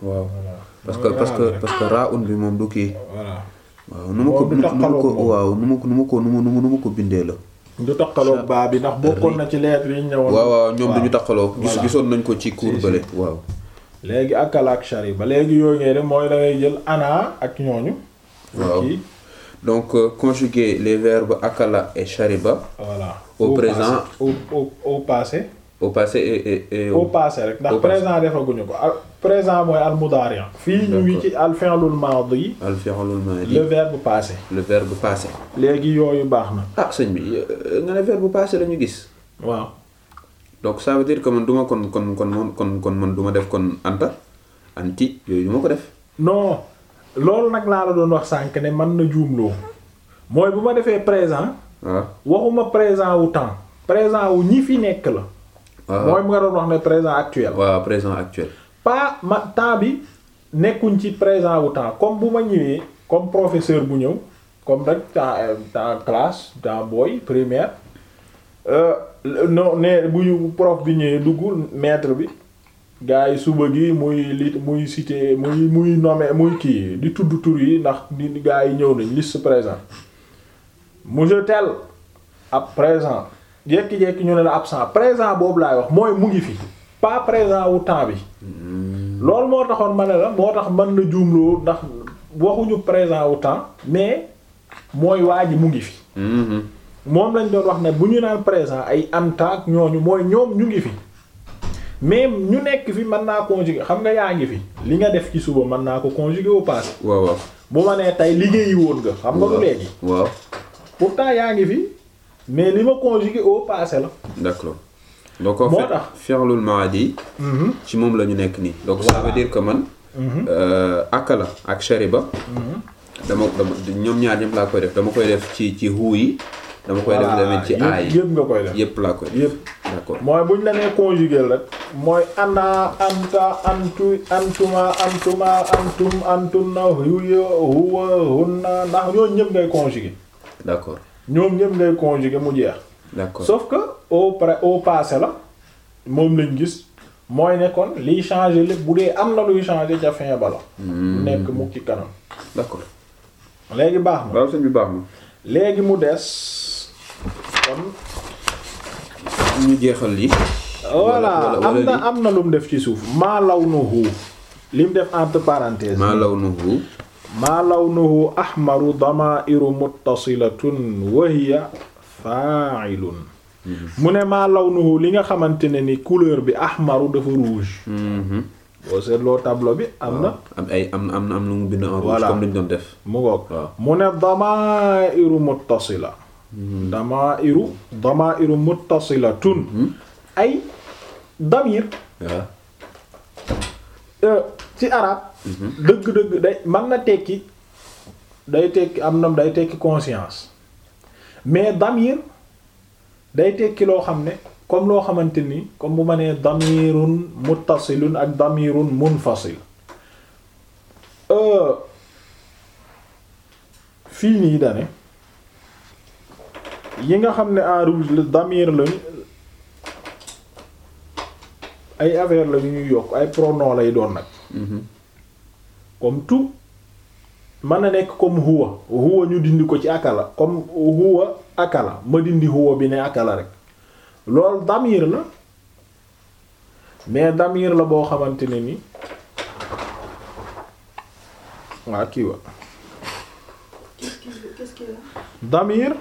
waaw parce que parce que parce que ra un bi moom du kii waaw nu ma ko nu ma ko waaw nu ma ko nu ma nu ma ko bindee la. du taqaloog baa bi ndax bokkoon na ci lettre yi ñëwoon. waaw waaw ñoom duñu taqaloog. gis gisoon nañ ko ci cours bële waaw. léegi akala ak ba léegi yooyu ngeen mooy da ngay jël ana ak ñooñu. waaw donc euh, conjuguer les verbes akala et shariba. voilà au, au présent au au au pace et et au passé rek ndax présent defaguñu ko al présent mooy al mudari. fii ñu ngi ci al fi'lul maadi. al fi'lul maadi le bu passé. le verbe passé. léegi yooyu baax na. ah sëñ bi euh, nga ne verbe passé la ñu gis. waaw. donc ça veut dire que man du kon kon kon man kon kon man du def kon anta anti yooyu du ma ko def. non loolu nag naa la doon wax sànq ne mën na juumloo mooy bu ma defee présent. waaw ah. waxuma présent wu temps. présent wu ñi fi nekk la. mooy mu nga doon wax ne présent actuel. waaw présent actuel. pas ma temps bi nekkuñ ci présent wu temps comme bu ma ñëwee comme professeur bu ñëw comme rek temps temps classe temps booy primaire euh, non ne bu ñu prof bi ñëwee dugg maître bi. gars yi suba gi muy li muy cité muy muy nommé muy kii di tudd tur yi ndax di gars yi ñëw nañ liste présent monsieur tel ab présent jékki-jékki ñu ne la absent présent boobu laay wax mooy mu ngi fi pas présent wu temps bi loolu moo taxoon ma ne la moo tax man na juumloo ndax waxuñu présent wu temps mais mooy waa ji mu ngi fi mm-hmm. moom lañ doon wax ne bu ñu naan présent ay antaak ñooñu mooy ñoom ñu ngi fi mais ñu nekk fi mën naa conjuguer xam nga yaa ngi fi li nga def ci suba mën naa ko conjuguer au passé waaw waaw bu ma nee tey liggéeyi woon nga xam nga lu léegi waaw pourtant yaa ngi fi mais li ma conjugué au passé la. d'accord donc en fait fi'lul mm-hmm. ci moom la ñu nekk nii. donc ça veut dire que man. akala mm-hmm. euh, ak shariba. Mm-hmm. dama dama ñoom ñaar ñëpp laa koy dama koy def ci ci huu yi. dama koy def tamit ci aay yi yëpp yëpp laa koy def yëpp. d'accord mooy bu ñu mooy ana anta antu antuma antuma antum antunna huya huwa hunna ndax ñooñu ñëpp ngay conjugué. d'accord. ñoom ñëpp ngay conjuguer mu jeex. d'accord sauf que au pré au passé la moom lañ gis mooy nekkoon kon liy changer lépp bu dee am na luy changer ca fin ba la. Hmm. nekk mu ci kanam. d'accord léegi baax na. waaw sëñ bi léegi mu des kon. ñu jeexal lii. voilà am na am na lu mu def ci suuf maa law nu hu li mu def entre parenthèses. maa law nu hu maa lawnuhu ahmaru damaa'iru muttasilatun wa hiya faa'ilun mu ne maa lawnuhu li nga xamante ne ni couleur bi ahmaru dafa rouge mhm. boo seetloo tableau bi am na am ay am am am lu mu bind en rouge comme dañ doon def mu ngoog mu ne damaa'iru muttasila mhm. damaa'iru damaa'iru muttasilatun mhm. ay damir euh, ci arab dëgg-dëgg day mën na tekki day tekki am na day tekki conscience mais damir day tekki loo xam ne comme loo xamante ni comme bu ma nee damirun muttasilun ak damirun munfasil euh, fii nii dane yi nga xam ne en rouge la damir lañ ay affaire la ñuy yokk ay pronom lay doon nag mm-hmm. comme tout mën na nekk comme huwa huwa ñu dindi ko ci akala comme huwa akala ma dindi huwa bi ne akala rek loolu damir la mais damir la boo xamante ne ni waa kii wa damir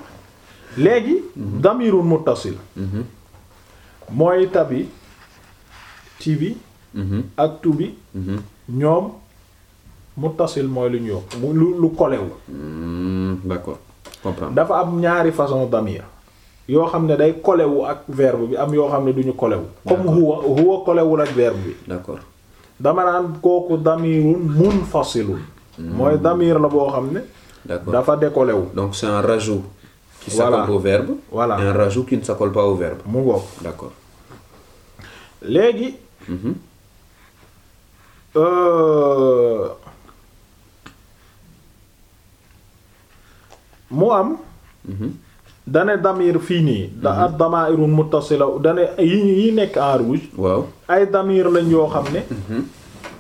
léegi mhm. damirul muttasil mhm. mooy tabi tibi mhm. ak tubi ñoom muttasil mooy lu ñu yokk mu lu lu kolewu hmm, dafa am ñaari façon damir yoo xam ne day kolewu ak verbe bi am yoo xam ne duñu kolewu comme huwa huwa kolewul ak verbe bi d'accord dama naan kooku damirun munfasilun hmm. mooy damir la boo xam ne dafa dékolewu donc c'est un rajout qui s'accole au verbe voilà et un rajout qui ne s'accole pas au verbe mu ngoog léegi mm-hmm. euh, mu am dane damir fii nii da mhm. ad damairu muttasila dane yi yi nekk en rouge ay damir lañ yoo xam ne mhm.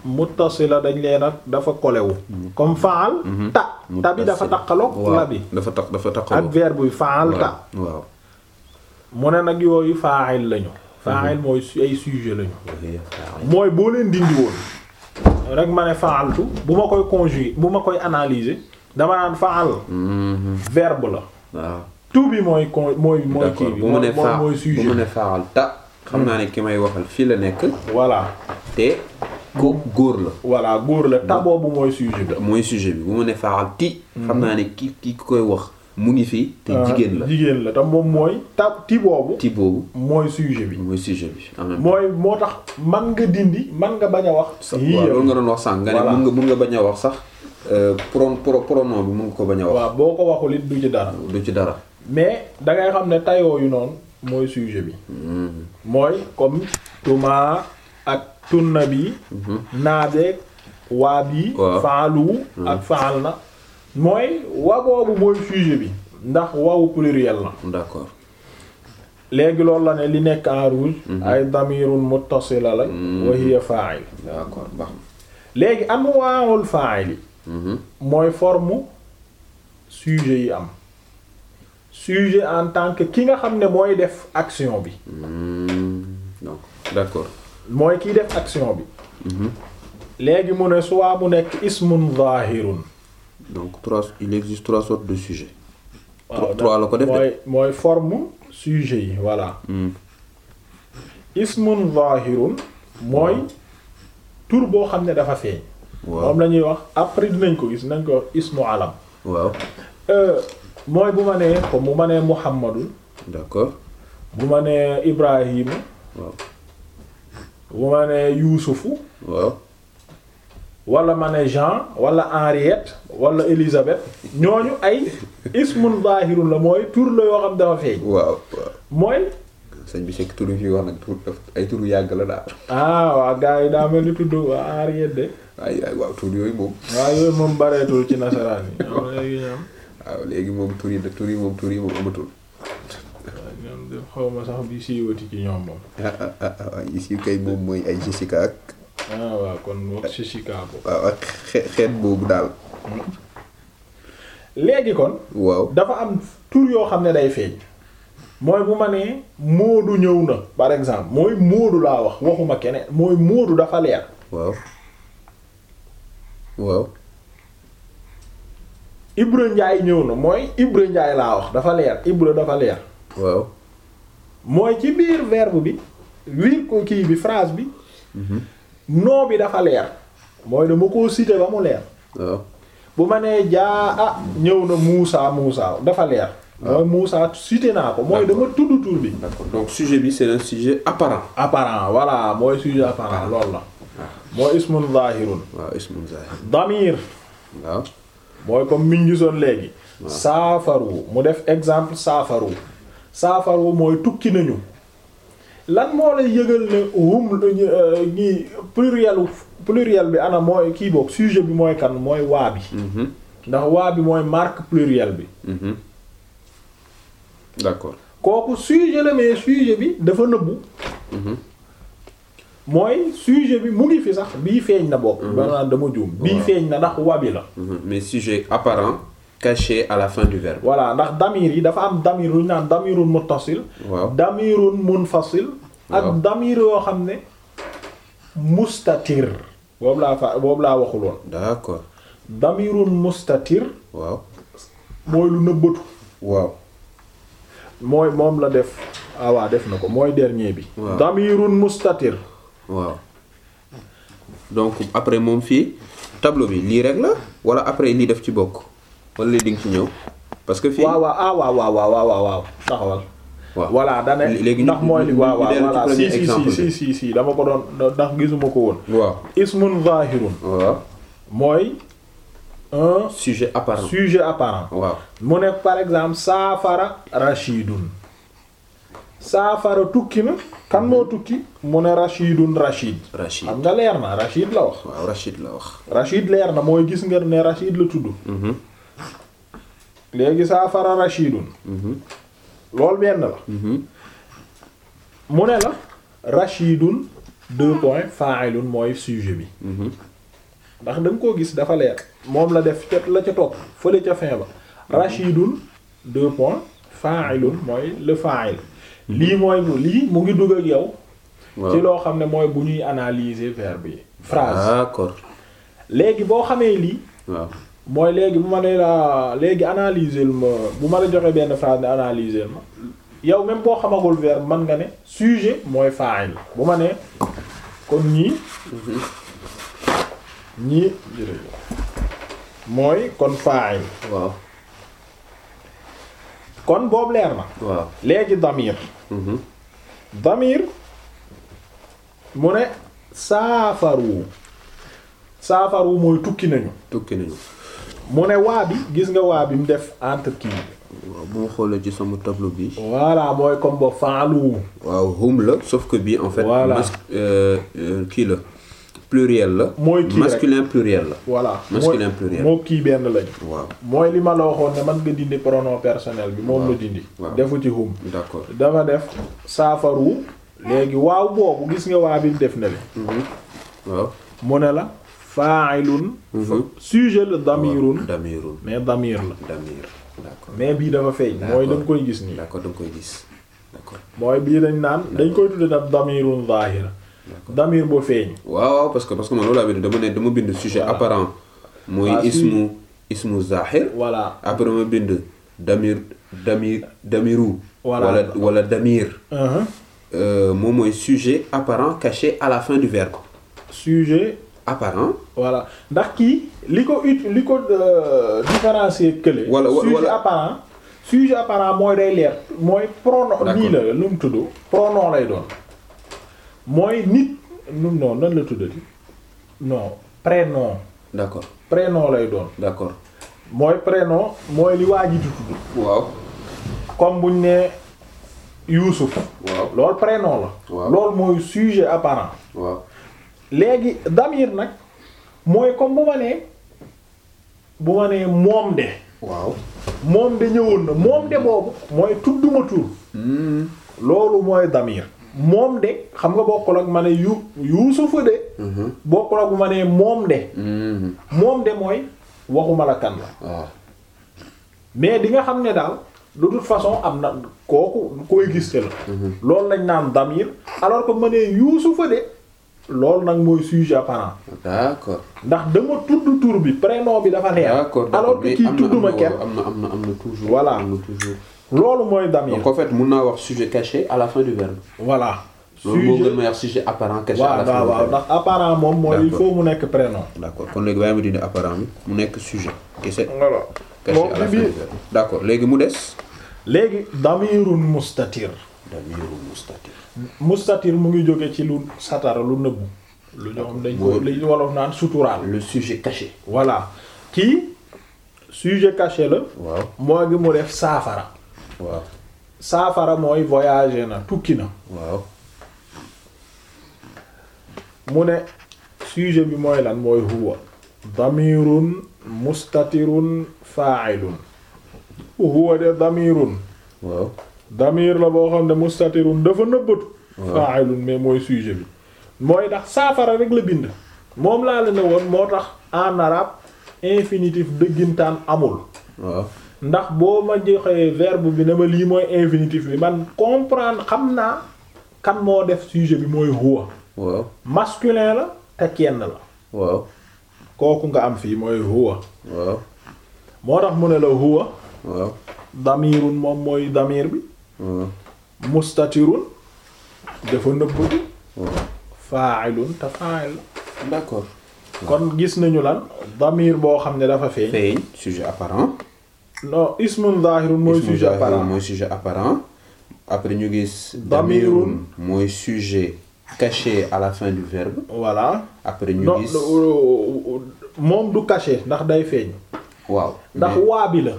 muttasila dañ leen ak dafa kolewu mhm. comme faal ta ta bi dafa taqaloog la bi dafa taq dafa taqaloog ak verbe bi faal ta waaw mu ne nag yooyu faa'il lañu faa'il mooy ay sujet lañu mooy boo leen dindi woon rek ma ne faaltu bu ma koy conjuguer bu ma koy analyser dama naan faal. verbe la. waaw tout bi mooy con mooy. mooy kii bi mooy mooy sujet bu ta. xam naa ne ki may waxal fii la nekk. voilà te la. voilà góor la ta boobu mooy sujet bi. mooy sujet bi bu mu ne faal ti. xam naa ne ki ki koy wax. mu ngi fi te euh, jigéen la jigéen la te moom mooy ta ti boobu. ti boobu mooy sujet bi. mooy sujet bi mooy moo tax man nga dindi man nga bañ a wax. yii loolu nga doon wax saa nga ne mun nga mun nga bañ a wax sax. Euh, pro pro pronom bi mun ko bañ a wax. boo ko waxul it du ci dara. du ci dara. mais dangay xam ne tayoo yu noonu mooy sujet bi. Mm-hmm. mooy comme tuma ak tunna bi. Mm-hmm. naabeeg waa bi. waaw mm-hmm. ak faal na. mooy wa boobu mooy sujet bi. ndax wawu pluriel la. d'accord. léegi loolu la ne li nekk en rouge. ay damirun muttasila la. wa hiya fa'il. léegi am waawul fa'il. mooy forme sujet yi am sujet en tant que ki nga xam ne mooy def action bi hmm, donc d'accord mooy kiy def action bi mhm. léegi mu ne soit mu nekk ismun zahirun donc trois il existe trois sortes de sujets waaw trois la ko def mooy mooy forme yi voilà hmm. ismun zahirun mooy tur boo xam ne dafa feeñ moom la ñuy wax après nañ ko gis nañ ko wax ismu alam waaw euh, mooy bu ma nee comme bu ma nee muhammadul d'accord bu ma nee ibrahima waaw bu ma nee yuusufu waaw wala ma ne Jean wala Henriette wala Elisabeth ñooñu ay ismun zahirun la mooy tur la yoo xam dafa feeñ. waaw waaw mooy. sëñ bi Cheikh tur yi wax nag tur ay turu yàgg la daal. ah waa yi daa mel tudd waa Henriette de. ay ay waaw tur yooyu moom. waaw yooyu moom bareetul ci nasaraan yi. <laughs> waaw léegi moom tur yi moom tur yi moom amatul. ñoom sax bi ñoom moom. ah, ah, ah, ah moom mooy ay Jessica ak. ah waaw kon moom Jessica boobu. waaw ak xeet boobu daal. Hmm. léegi kon. waaw dafa am tur yoo xam ne day feeñ. mooy bu ma nee Moodu ñëw na par exemple mooy Moodu laa wax waxuma keneen mooy Moodu dafa leer. waaw. waaw Ibra Ndiaye ñëw na mooy Ibra Ndiaye laa wax dafa leer Ibra dafa leer waaw mooy ci biir verbe bi wiir ko kii bi phrase bi mhm. noo bi dafa leer mooy dama koo cité ba mu leer waaw bu ma nee jaa ah ñëw na Moussa Moussa dafa leer mooy Moussa cité naa ko mooy dama tudd tur bi d'accord donc sujet bi c'est un sujet apparent apparent voilà mooy sujet apparent lool la mooy ismun zaahirun waaw ismun zaahir damir mooy comme miñ gisoon léegi saafaru mu def exemple saafar saafar wu mooy tukki nañu lan moo lay yëgal ne hum euh, ñi plurielu pluriel bi ana mooy kii boog bi mooy kan mooy waa bi mm-hmm. ndax waa bi mooy mark pluriel bi mm-hmm. d'accord kooku sujet la mais sujet bi dafa nëbbu mm-hmm. mooy sujet bi mu ngi fi sax bii feeñ na bokk. ba mhm. dama juum bii feeñ na ndax wabi la. Mhm. mais sujet apparent caché à la fin du verbe. voilà ndax damir yi dafa am damir lu ñu naan damirun muttasil. waaw damirun munfasil. ak damir yoo xam ne mustatir. boobu laa fa boobu laa waxul damirun mustatir. mooy lu nëbbatu. waaw mooy moom la def. ah def na ko mooy dernier bi. waaw damirun mustatir. waaw donc après moom fii tableau bi lii rek la wala après lii def ci bokk wala lii di nga ci ñëw parce que fii. waaw waaw ah, waaw waaw waaw waaw waaw taxawal. waaw voilà da léegi ndax mooy li waaw waaw si si si si si dama ko doon ndax gisuma ko woon. waaw ismun zahirun. waaw mooy. un sujet apparent sujet apparent. waaw mu ne par exemple saafara rachidun. saafara tukki na kan moo tukki mu ne rachidun rachid rachid xam leer na la wax la wax leer na mooy gis nga ne rachid la tudd mhm. léegi saafara rachidun mhm. loolu benn la mhm. mu ne la rachidun deux points fa'ilun mooy sujet bi ndax da nga koo gis dafa leer moom la def ca la ca topp fële ca fin ba rachidun deux points fa'ilun mooy le fa'il lii mooy mu lii mu ngi dugg ak yow. ci loo xam ne mooy bu ñuy analyser verbe yi. phrase d'accord léegi boo xamee lii. mooy léegi bu ma nee la léegi analyser ma bu ma la joxee benn phrase ne analyser ma yow même boo xamagul verbe man nga ne sujet mooy fa'il bu ma nee kon ñii. ñii mooy kon fa'il. waaw leer na. léegi damir. Mm-hmm. damir mu ne saafaru wu mooy tukki nañu tukki nañu mu ne waa bi gis nga waa bi mu def entre kii waaw bu ma xoolee ci sama tableau bi voilà mooy comme faalu waaw hum la sauf que bii en fait voilà euh, euh, kii la pluriel la. mooy kii masculin pluriel la. voilà masculin pluriel moo kii benn lañ. mooy li ma la waxoon ne man nga dindi pronom personnel bi. moom la dindi. defu ci hum. dafa def saafaru. léegi waaw boobu gis nga waa bi def na le. Mhm. mu ne la. fa'ilun. Mhm. sujet la damirun. damirun mais damir la. damir mais bii dafa feeñ. mooy da nga koy gis nii. d'accord koy gis d'accord. mooy bii dañ naan dañ koy tuddee damirun zahira damir boo feeñ. waaw waaw parce que parce que man loolu laa bind dama ne dama bind sujet apparent. mooy ismu ismu zahir. voilà après ma bind damir damir damiru. wala wala damir. Uh-huh. Euh, moom mooy sujet apparent caché à la fin du ko sujet. apparent. voilà ndax kii li ko ut li ko euh, différencier kële. wala wala sujet apparent. sujet apparent mooy day leer mooy pronom. nii la lu mu tudd pronom lay doon. mooy nit non non nan la tuddati non prénom. d'accord prénom lay doon. d'accord mooy prénom mooy li waa ji di tudd. waaw comme buñ nee Youssouf. waaw loolu prénom la. loolu mooy sujet apparent. waaw léegi damir nag mooy comme bu ma nee bu ma nee moom de. waaw moom de ñëwoon na moom de boobu mooy tudduma tur. Hmm. loolu mooy damir. moom de xam nga bokkul ak ma ne yu yuusufa de mhm. bokkul ak ma ne moom de mhm. moom de mooy waxuma la kan la ah. mais di nga xam ne daal de toute façon am na kooku koy gis te la mhm. loolu lañ naan damir alors que ma ne fa de loolu nag mooy sujet apparent d'accord ndax dama tudd tur bi prénom bi dafa leer alors que kii tudduma kenn am na am na am na toujours voilà am na toujours loolu mooy damir. donc en mun naa wax sujet caché à la fin du verbe. voilà. sujet loolu moo apparent caché à la fin du verbe. ndax apparent moom mooy il faut mu nekk prénom. d'accord kon léegi bàyyi ma dindi apparent bi mu nekk sujet. kese voilà caché léegi mu des. léegi damirun mustatir. damirun mustatir. mustatir mu ngi jóge ci lu satara lu nëbbu. lu ñoom dañ ko li wolof naan suturaal. le sujet caché. voilà kii sujet caché la. waaw moo ngi mu def saafara. waaw mooy voyagé na tukki na waaw mu ne sujet bi mooy lan mooy huwa damirun mustatirun fa'ilun huwa de damirun damir la boo xam ne mustatirun dafa nëbbatu fa'ilun mais mooy sujet bi mooy ndax saafara rek la bind moom laa la ne woon moo tax en arabe infinitif dëggintaan amul ndax boo ma joxee verbe bi ne ma lii mooy infinitif bi man comprendre xam naa kan moo def sujet bi mooy huwa waaw la te kenn la waaw kooku nga am fii mooy huwa moo tax mu ne la huwa waaw moom mooy damir bi mustatirun dafa nëbbatu fa'ilun te fa'il la d'accord kon gis nañu lan damir boo xam ne dafa feeñ feeñ sujet apparent non ismun zaahirun mooy sujet apparent mooy sujet après ñu gis damirun mooy sujet caché à la fin du verbe voilà après ñu gis euh, euh, moom du caché ndax day feeñ waaw ndax waa bi la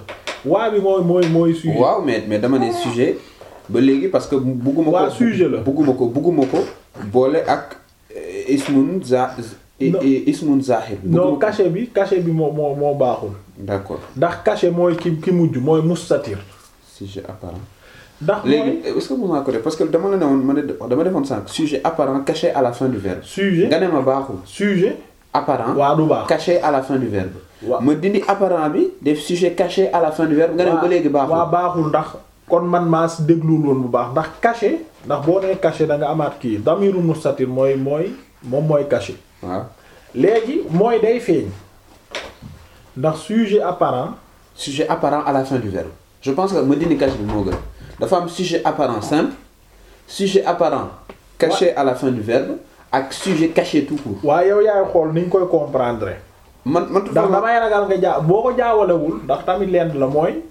waa bi mooy mooy mooy sujet waaw mais mais dama ne sujet ba léegi parce que bugguma ko la bugguma ko bugguma ko boole ak euh, ismun za et et ismun bi. non cachet bi cachet bi moo moo baaxul. d'accord ndax cachet mooy ki ki mujj mooy mustatir. sujet apparent. ndax mooy léegi est def parce que dama la ne woon ma ne dama defoon sànq. sujet apparent caché à la fin du verbe. sujet nga ne ma baaxul. sujet apparent. waaw ma dindi apparent bi def sujet caché à la ba léegi baaxul waaw baaxul ndax. kon man maa si dégluwul woon bu baax ndax caché ndax boo nee caché da nga amaat kii damiru mustatir mooy mooy moom mooy caché. waaw léegi mooy day feeñ ndax sujet apparent sujet apparent à la fin du verbe je pense que ma dindi cachet bi moo gën dafa am sujet apparent simple sujet apparent caché ouais. à la fin du verbe ak sujet caché tout court. waaw yow yaay xool ni ñu koy comprendre. man man ndax damay ragal nga jaa boo ko jaawalewul ndax tamit lenn la mooy.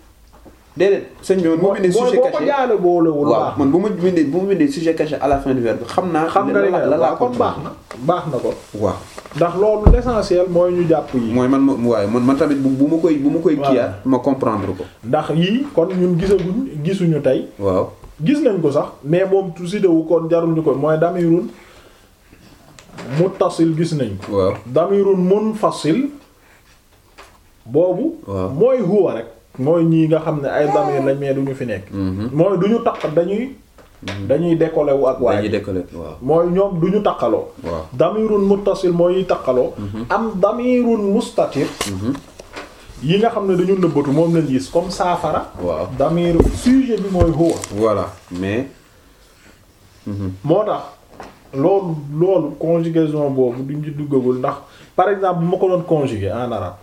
déedéet sëñ bi man bu ma bindee sujet caché waaw man bu ma bindee bu ma bindee sujet caché à la fin du verbe xam naa. xam nga la la kon baax na baax na ko. waaw ndax loolu l'essentiel mooy ñu jàpp yi. mooy man ma waaye man man tamit bu ma koy bu ma koy. kiyaat ma comprendre ko. ndax yii kon ñun gisaguñ gisuñu tey. waaw gis nañ ko sax mais moom tuuti de wu kon jarul ñu ko mooy damirun muttasil gis nañ ko. waaw damirun munfasil boobu. waaw mooy huwa rek. mooy ñii nga xam ne ay damir lañ mais duñu fi nekk. Mhm. mooy duñu taq dañuy. Mhm. dañuy décoller wu ak. waaye dañuy décoller waaw. mooy ñoom duñu taqaloo. waaw damirun muttasil mooy taqaloo. Mhm. am damirun mustatir. yi nga xam ne dañu nëbbatu moom lañ gis comme saafara. waaw damiru sujet bi mooy huwa. voilà mais. moo tax loolu loolu conjugaison boobu duñ ci duggagul ndax par exemple bu ma ko doon conjuguer en arabe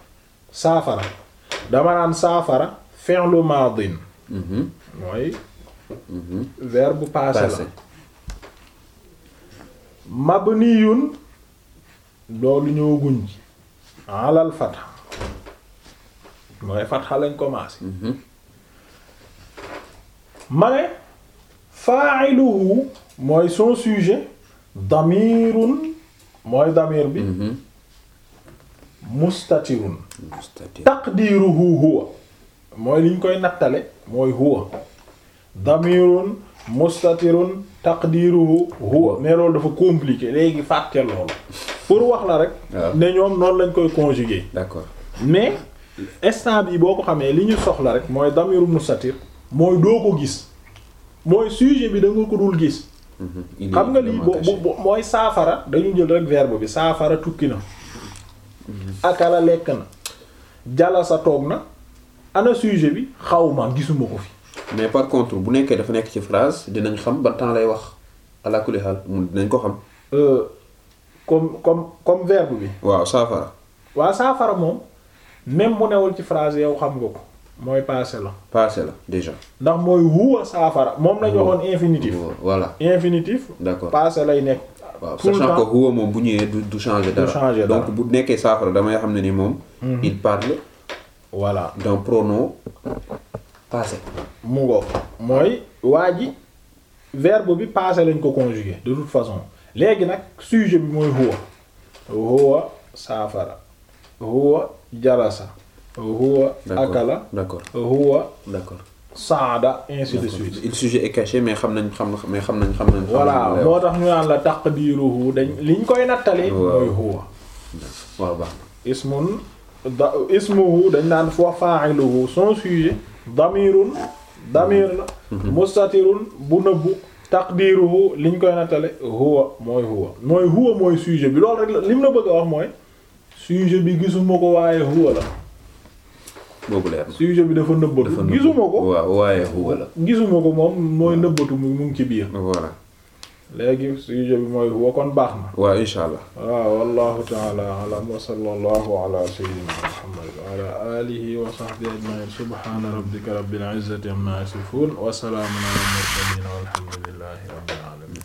saafara. dama naan saafara fi'lu maadin mhm. mooy mhm. verbe passé la mabniyun loolu ñëw guñ alal fatha mooy fatha lañ commencé mhm. ma ne fa'iluhu mooy son sujet damirun mooy damir bi mustatirun taqdiruhu huwa mooy li liñ koy nattale mooy huwa damirun mustatirun taqdiruhu huwa mais loolu dafa compliquer léegi fàtte loolu pour wax la rek ne ñoom noonu lañ koy conjuguer d'accord mais instant yi boo ko xamee li ñu soxla rek mooy damiru mustatir mooy doo ko gis mooy sujet bi da ko dul gis mhm. xam nga lii boo mooy saafara dañu jël rek verbe bi saafara tukki na akala lekk na sa toog na ana sujet bi xaw ma gisuma ko fi mais par contre bu nekkee dafa nekk ci phrase dinañ xam ba temps lay wax ala kulli haal dinañ ko xam euh, comme comme comme verbe bi waaw saafara waa saafara moom même bu newul ci phrase yow xam nga ko mooy passé la passé la déjà ndax mooy huwa saafara moom lañ waxoon infinitif voilà infinitif d'accord passé lay nekk waaw sachant que huwa moom bu ñëwee du du changer dara donc bu nekkee saafara damay xam ne ni moom. Mhm. il parle. voilà d'un pronom passé. mu ngoog mooy waa ji verbe bi passé lañ ko conjugué de toute façon léegi nag sujet bi mooy huwa. huwa saafara. huwa jarasa. huwa akala. d'accord huwa d'accord. saada ainsi de suite. le sujet est caché mais xam nañ xam mais xam nañ xam nañ. voilà moo tax ñu naan la taqdiruhu dañ liñ koy nattali. mooy huwa. waaw baax na. ismun da ismuhu dañ naan fa fa'iluhu son sujet. damirun damir la. Mhm. mustatirun bu nëbbu. taqdiruhu liñ koy nattale huwa mooy huwa mooy huwa mooy sujet bi loolu rek la lim la bëgg a wax mooy. sujet bi gisuma ko waaye huwa la. boobu leer na sujet bi dafa nëbbatu. dafa nëbbatu gisuma ko huwa la. gisuma ko mooy nëbbatu mu ngi ci biir. voilà. léegi sujet bi mooy huwa kon baax na. waaw incha allah. ta'ala a'lam wa sallallahu ala sayyidina muhammad wa ala alihi wa sahbihi ajma'in subhana rabbika rabbil izzati amma yasifun wa salamun ala al mursalin walhamdulillahi rabbil